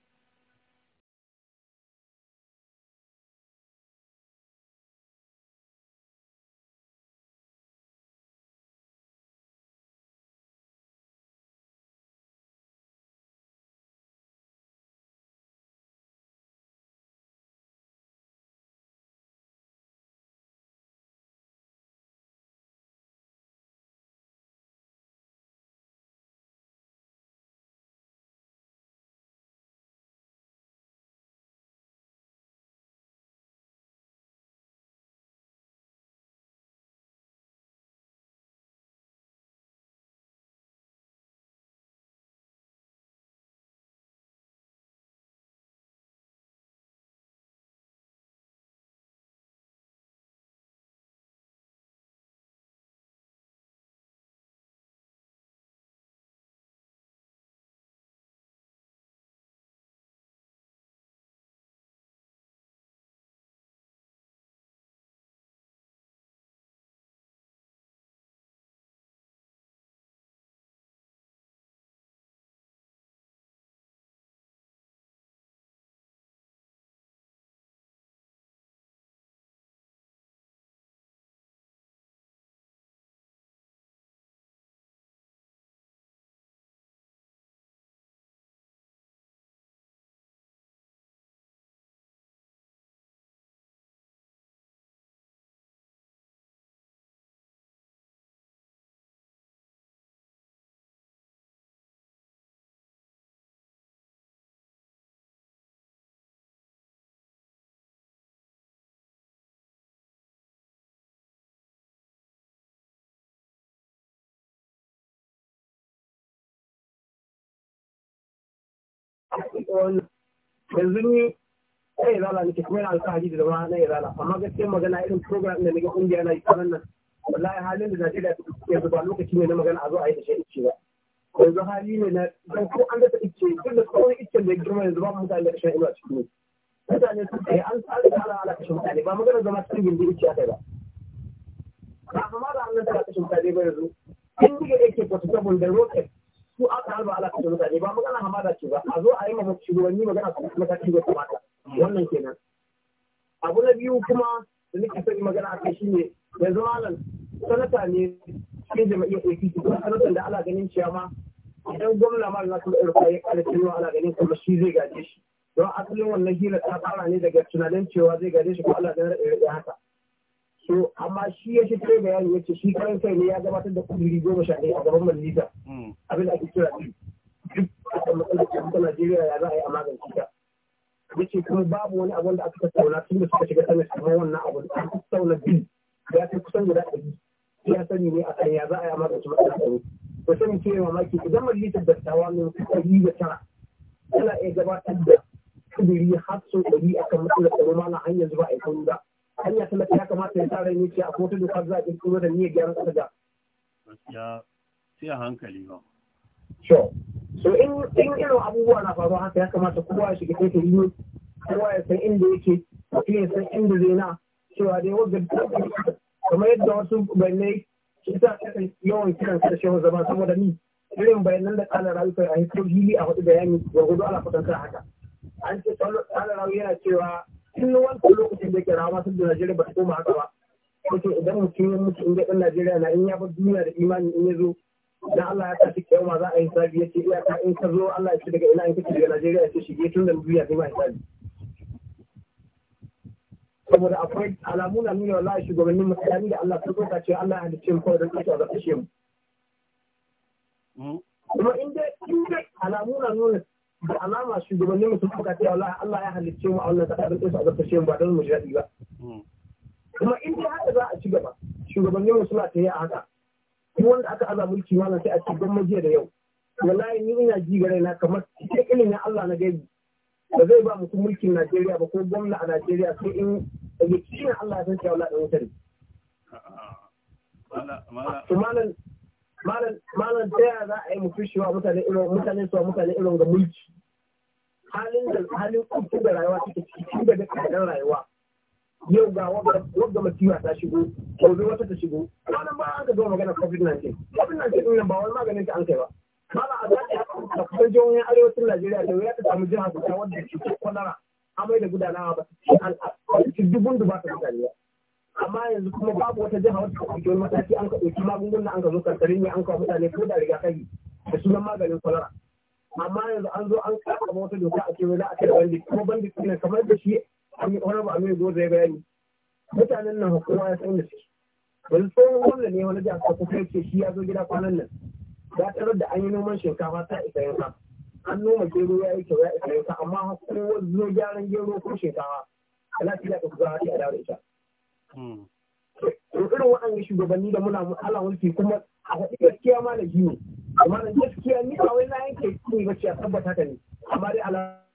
tsawon yanzu ni ɗan izala nake kuma yana alfahari da zama na ya izala amma gaskiya magana irin program da nake kungiya na yi kwanan nan wallahi halin da Najeriya yanzu ba lokaci ne na magana a zo a yi da shi ice ba yanzu hali ne na dan ko an dasa ice duk da tsawon icen da girma yanzu ba mutane da kashin inuwa cikin mutane sun tsaye an tsari da ala kashin mutane ba magana zama cikin gindi ice aka ba ba amma da an nan tsara kashin mutane ba yanzu in da yake kwata saboda rocket su aka alba ala mutane ba magana hamada ce ba a zo a yi masa shugabanni magana su mataki ga kamata wannan kenan abu na biyu kuma da nake sani magana akai shine yanzu malam sanata ne cikin jama'iyyar APC ko sanatan da ala ganin ciya ma idan gwamna malam na kuma irfa ya kare cewa ala ganin kuma shi zai gaje shi don asalin wannan hira ta fara ne daga tunanin cewa zai gaje shi ko ala ganin ya haka so amma shi ya shiga da yaro yace shi kan kai ne ya gabatar da kuduri goma sha ɗaya a gaban majalisa hmm. abin da ake kira duk a matsalar ta Najeriya ya za a yi a magance ta yace kuma babu wani abu da aka tattauna tun da suka shiga sanin kuma wannan abu da aka tattauna bil ya kusan guda ɗari ya sani ne a kan ya za a yi a magance matsalar tsaro to sani ce mamaki idan majalisar dattawa ne ɗari da tara tana iya gabatar da kuduri har sau ɗari akan matsalar tsaro ma na hanyar zuba a yi ba hanya ta ya kamata ya tsara yin a kotu dokar za a kirkiro da niyyar gyaran ƙasa da. Gaskiya sai a hankali ba. Sure. So in in irin abubuwa na faruwa haka ya kamata kowa ya shiga kai yi kowa ya san inda yake mutum ya san inda zai na cewa dai wanda kamar yadda wasu bayanai shi sa kasan yawan kiran sa da shehu zama saboda ni irin bayanan da ƙalar rayuka a hikar hili a hudu bayani gwargwado ala kwatanta haka. An ce ƙalar rayuka yana cewa tun wancan lokacin da yake rawa sun da Najeriya ba ta koma haka ba kace idan mutum ya mutu in ga dan Najeriya na in ya bar duniya da imani in ya zo da Allah ya tafi ma za a yi sabi yace iya ka in ka zo Allah ya ce daga ina in kace daga Najeriya ya ce shige tun da duniya sai ma ya hisabi saboda akwai alamu na nuna wallahi shugabannin mutane da Allah farko ta ce Allah ya halicce mu kawai don kace a kashe mu hmm. kuma in dai alamu na nuna da alama shugabannin mutum suka ce Allah ya halicce mu a wannan kasa don su azabtashe ba don mu ji ba hmm. kuma in dai haka za a ci gaba shugabannin mu suna ta yi a haka kuma wanda aka aza mulki na sai a ci don majiya da yau wallahi ni ina ji gare na kamar cikin ilimin Allah na gaibi ba zai ba mutum mulkin Najeriya ba ko gwamna a Najeriya sai in da Allah ya san cewa Allah ɗan wuta ne. malam ta yaya za a yi mutu shi wa mutane irin mutane su mutane irin ga mulki halin da halin kuku da rayuwa take cikin daga kadan rayuwa yau ga wadda masiwa ta shigo gobe wata ta shigo wannan ba an ka zo magana covid-19 covid-19 din ba wani maganin ta an kai ba mala a zaki a kusan jihohin arewacin najeriya da ya ta samu jiha guda wadda ke kwalara amai da gudanawa ba su ci dubun dubata mutane ba amma yanzu kuma babu wata jiha wata ɗauki wani mataki an ka ɗauki magunguna an ka zo karkari ne an kawo mutane ko da kai da sunan maganin kwalara amma yanzu an zo an kafa wata doka a cewa za a kai bandit kuma bandit ne kamar da shi yi wani ba amir zo zai bayani mutanen nan hukuma ya san da shi wani tsohon wanda ne wani jihar ko kai ce shi ya zo gida kwanan nan ya tarar da an yi noman shinkafa ta isa yanka an noma gero ya yi kyau ya isa yanka amma kowa zo gyaran gero ko shinkafa ana tilaɗa da za a a dawo ita Hmm. irin waɗanda shugabanni da muna ala mulki kuma a haɗi gaskiya ma da jini, amma gaskiya ni a wai na yanke ne ba ce a tabbata ka ne amma dai ala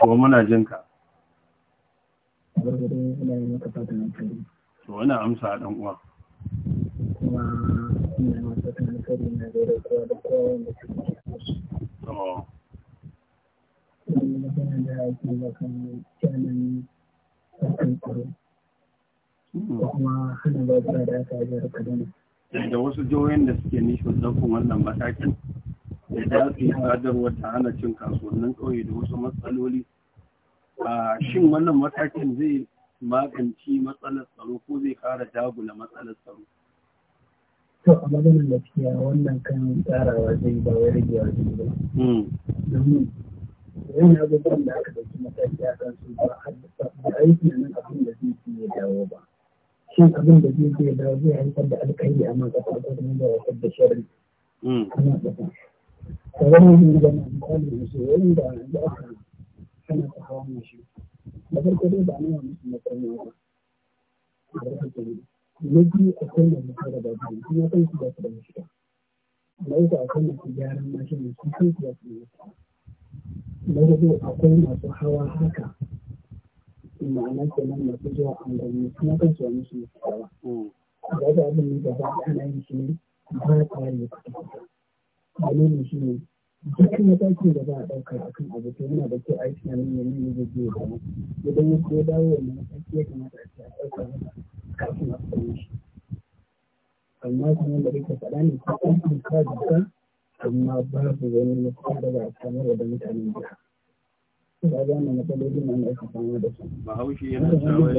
ko muna jin ka to wani amsa dan uwa kuma ina masa na da da kowa wanda suke da kyanan hmm. kuma hana da wasu jihohin da suke nishin zafin wannan matakin da dafi sadarwar ta hana cin kasuwannin ƙauye da wasu matsaloli shin wannan matakin zai magance matsalar tsaro ko zai kara dagula matsalar tsaro to a da gaskiya wannan kan tsarawa zai ba wa rage wa zai ba hmm. domin yin abubuwan da aka dauki mataki a kan su ba da aiki nan abin da zai fiye dawo ba shin abin da zai fiye dawo zai haifar da alkhairi a man kasa ko kuma da wasu da shirin kuma hmm. wannan da na misali da shi wanda da aka farko dai ba nuna musu matsayin ba a rasa na biyu akwai da mutu da ba biyu kuma san su ba su da mafita na uku akwai masu gyaran mashin su san su ba su da mafita na hudu akwai masu hawa haka ma'ana kenan masu zuwa angwani kuma kan su wani su mafita ba a rasa abin da ba ana yin shi ba ta yi dalilin shi ne dukkan matakin da za a ɗauka a kan abu to yana da kyau a yi tunanin ya nuna da biyu idan ya ko dawo wannan mataki ya kamata a ce a ɗauka masa kafin a tsaye shi amma kuma da rika faɗa ne ko an kan ka duka amma babu wani mutum da ba a samar da mutanen da da Bahaushe yana shawar.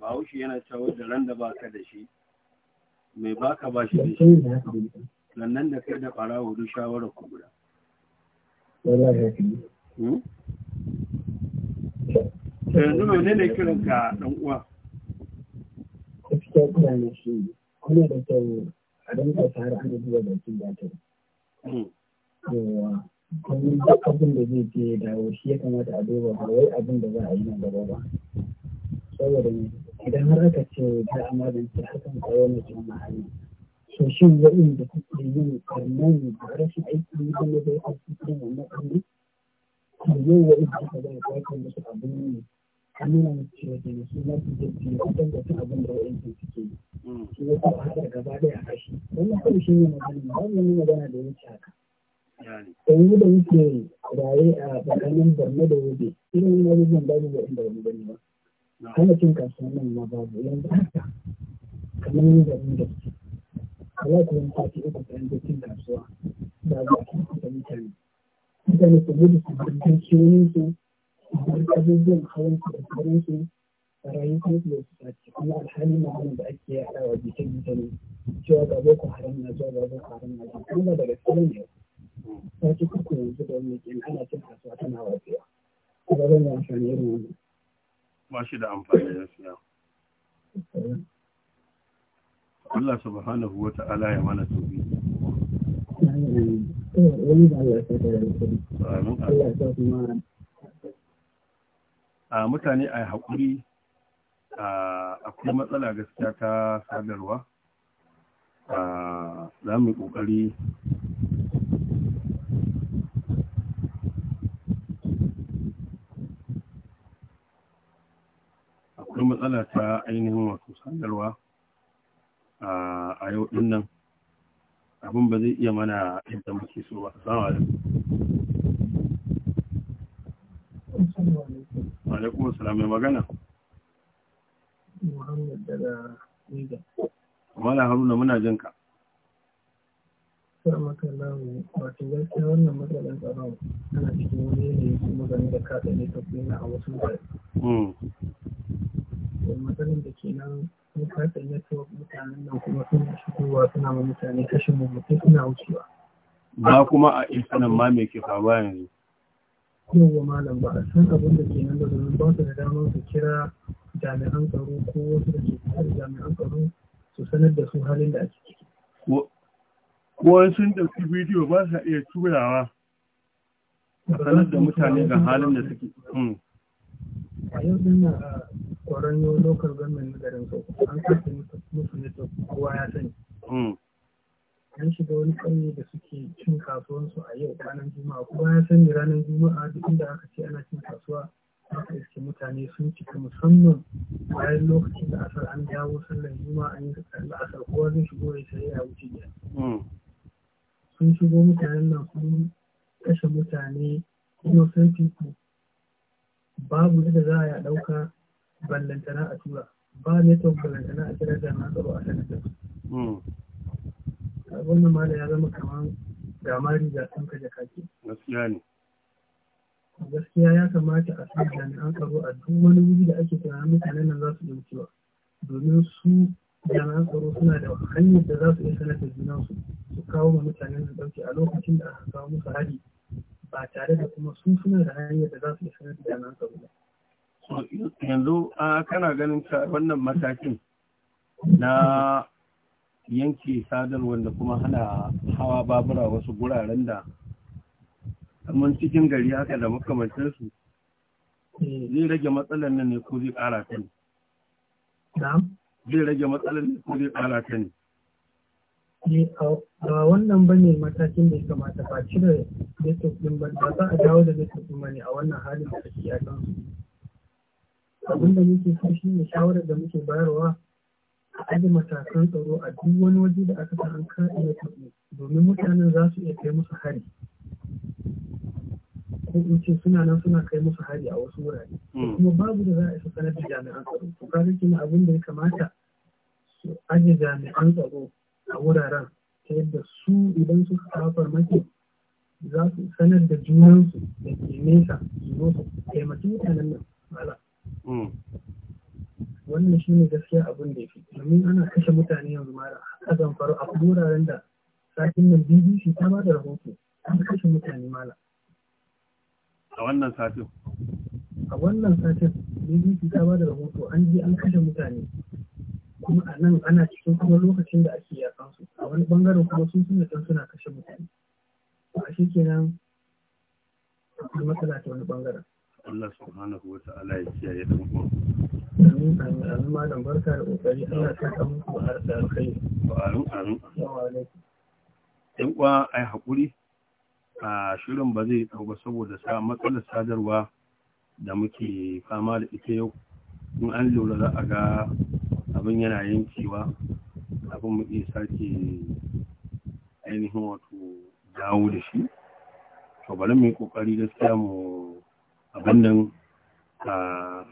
Bahaushe yana da ran da ba ka da shi mai baka ba shi da shi sannan da kai da ɓarawo wuri shawarar ku guda yanzu mai hmm? ne kiran ka ɗan uwa kuna ne shi kuna da kyau a ka tsara ana zuwa da bakin hmm. yawa domin duk abin da zai je dawo shi ya kamata a duba ba wai abin da za a yi nan gaba ba saboda ne idan har aka ce za amalin magance hakan kawo mai jin ma'ana to shin waɗanda suke yin karnan da rashin aiki ne da zai kan suke yin wannan abu to yau waɗanda aka zai kwakwar musu abin ne a nuna musu cewa da su na su je su yi wajen da su abin da wa'in waɗanda suke yi shi ya taɓa haɗa gaba ɗaya a kashi wannan kuma shi ne magana ba wani magana da ya ce haka yi da yake raye a tsakanin borno da wobe irin wani zan da inda wani gani ba harajin kasuwannin ma babu yanzu haka kamar yin garin da su kuma sati uku ta yanzu cin kasuwa da za su kusa mutane mutane su gudu su bar dukiyoyin su su abubuwan hawan su da karin su a rayuwar su da su sace kuma alhali na da ake yaɗa wa jikin mutane cewa ga boko haram na zuwa ga boko haram na zuwa kuma daga tsarin ne sati uku yanzu da wani kenan ana cin kasuwa tana wafiya. Kuma zan yi amfani irin wannan. ba shi da amfani siya. Allah subhanahu wa ta'ala ya mana tobi a mutane a haƙuri akwai matsala gaskiya ta sadarwa za mu ƙoƙari akwai matsala ta ainihin wato sadarwa a yau din nan abin ba zai iya mana yadda muke so ba assalamu alaikum alaikum assalam mai magana Muhammad daga Niger Mala Haruna muna jin ka Assalamu alaikum wato gaskiya wannan matsalar tsaron Ana cikin wani yanayi kuma game da ka ne ta a wasu da da matsalar da ke nan sun kasa network mutanen nan kuma suna shigowa suna ma mutane kashin mutum suna wucewa. Ba kuma a intanet ma me ke faruwa yanzu. Kowa malam ba a san abin da ke nan da domin ba su da damar su kira jami'an tsaro ko wasu da ke da jami'an tsaro su sanar da su halin da ake ciki. Ko sun ɗauki bidiyo ba sa iya turawa. A sanar da mutane ga halin da suke. Hmm. a yau din a kwaron yau local government na garin sau an kasa musu network kowa ya sani mm. an shiga wani ƙauye da suke cin kasuwansu a yau ranar juma'a kuma ya sani ranar juma'a duk inda aka ce ana cin kasuwa aka iske mutane sun cika musamman bayan lokacin da asar an dawo sallar juma'a an yi la'asar kowa zai shigo ya sai ya wuce gida mm. sun shigo mutanen nan kuma kashe mutane innocent people babu yadda za a ɗauka ballantana a tura ba to ballantana a kira da na tsaro a sanata hmm. wannan ma da ya zama kamar gamari da sun kaje kake gaskiya ne gaskiya ya kamata a san jami'an tsaro a duk wani wuri da ake tunanin mutanen nan za su ɗauki wa, domin su jami'an tsaro suna da hanyar da za su iya sanata da junansu su kawo mutanen da ɗauke a lokacin da aka kawo musu hari ba tare da kuma sun suna da hanyar da za su yi sanar da nan tsaro Yanzu kana ganin wannan matakin na yanke sadarwar da kuma hana hawa babura wasu guraren da mun cikin gari haka da makamancinsu eh. zai rage matsalar nan ne ko zai ƙara ta ne. Zai rage matsalar ne ko zai kara ta ne. ba wannan ba ne matakin da ya kamata ba cire network ɗin ba ba za a dawo da network ɗin ba ne a wannan halin da ake a kan abin da muke so shi ne shawarar da muke bayarwa a aji matakan tsaro a duk wani waje da aka san an kaɗa network domin mutanen za su iya kai musu hari ko in ce suna nan suna kai musu hari a wasu wurare hmm. kuma babu da za a isa sanar da jami'an tsaro to kaga kina abin da ya kamata su aje jami'an tsaro a wuraren ta yadda su idan suka kawo farmaki za su sanar da junansu da ke nesa su zo su taimaki mutanen nan mala mm. wannan shi ne gaskiya abin da ya fi domin ana kashe mutane yanzu mara a faru a wuraren da satin nan bbc ta ba da rahoto an kashe mutane mala a wannan satin a wannan satin bbc ta ba da rahoto an je an kashe mutane kuma a nan ana cikin kuma lokacin da ake yakan su a wani bangaren kuma sun suna can suna kashe mutane a shi kenan akwai matsala ta wani bangaren Allah subhanahu wa ta'ala ya kiyaye dan uwa amin amin amin malam barka da kokari Allah ya saka muku har da kai wa amin amin assalamu uwa ai hakuri a shirin ba zai tsawo ba saboda sa matsalar sadarwa da muke fama da ita yau in an lura za a ga abin yana yankewa abin mu iya sake ainihin wato dawo da shi to bari mu yi kokari gaskiya mu abin nan a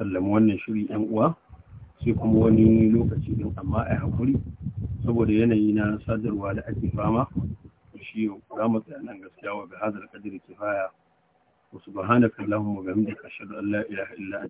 sallami wannan shiri yan uwa sai kuma wani lokaci din amma a hakuri saboda yanayi na sadarwa da ake fama shi za mu tsaya nan gaskiya wa ga hazar kadiri kifaya wasu bahanaka allahumma wa da ashhadu an la ilaha illa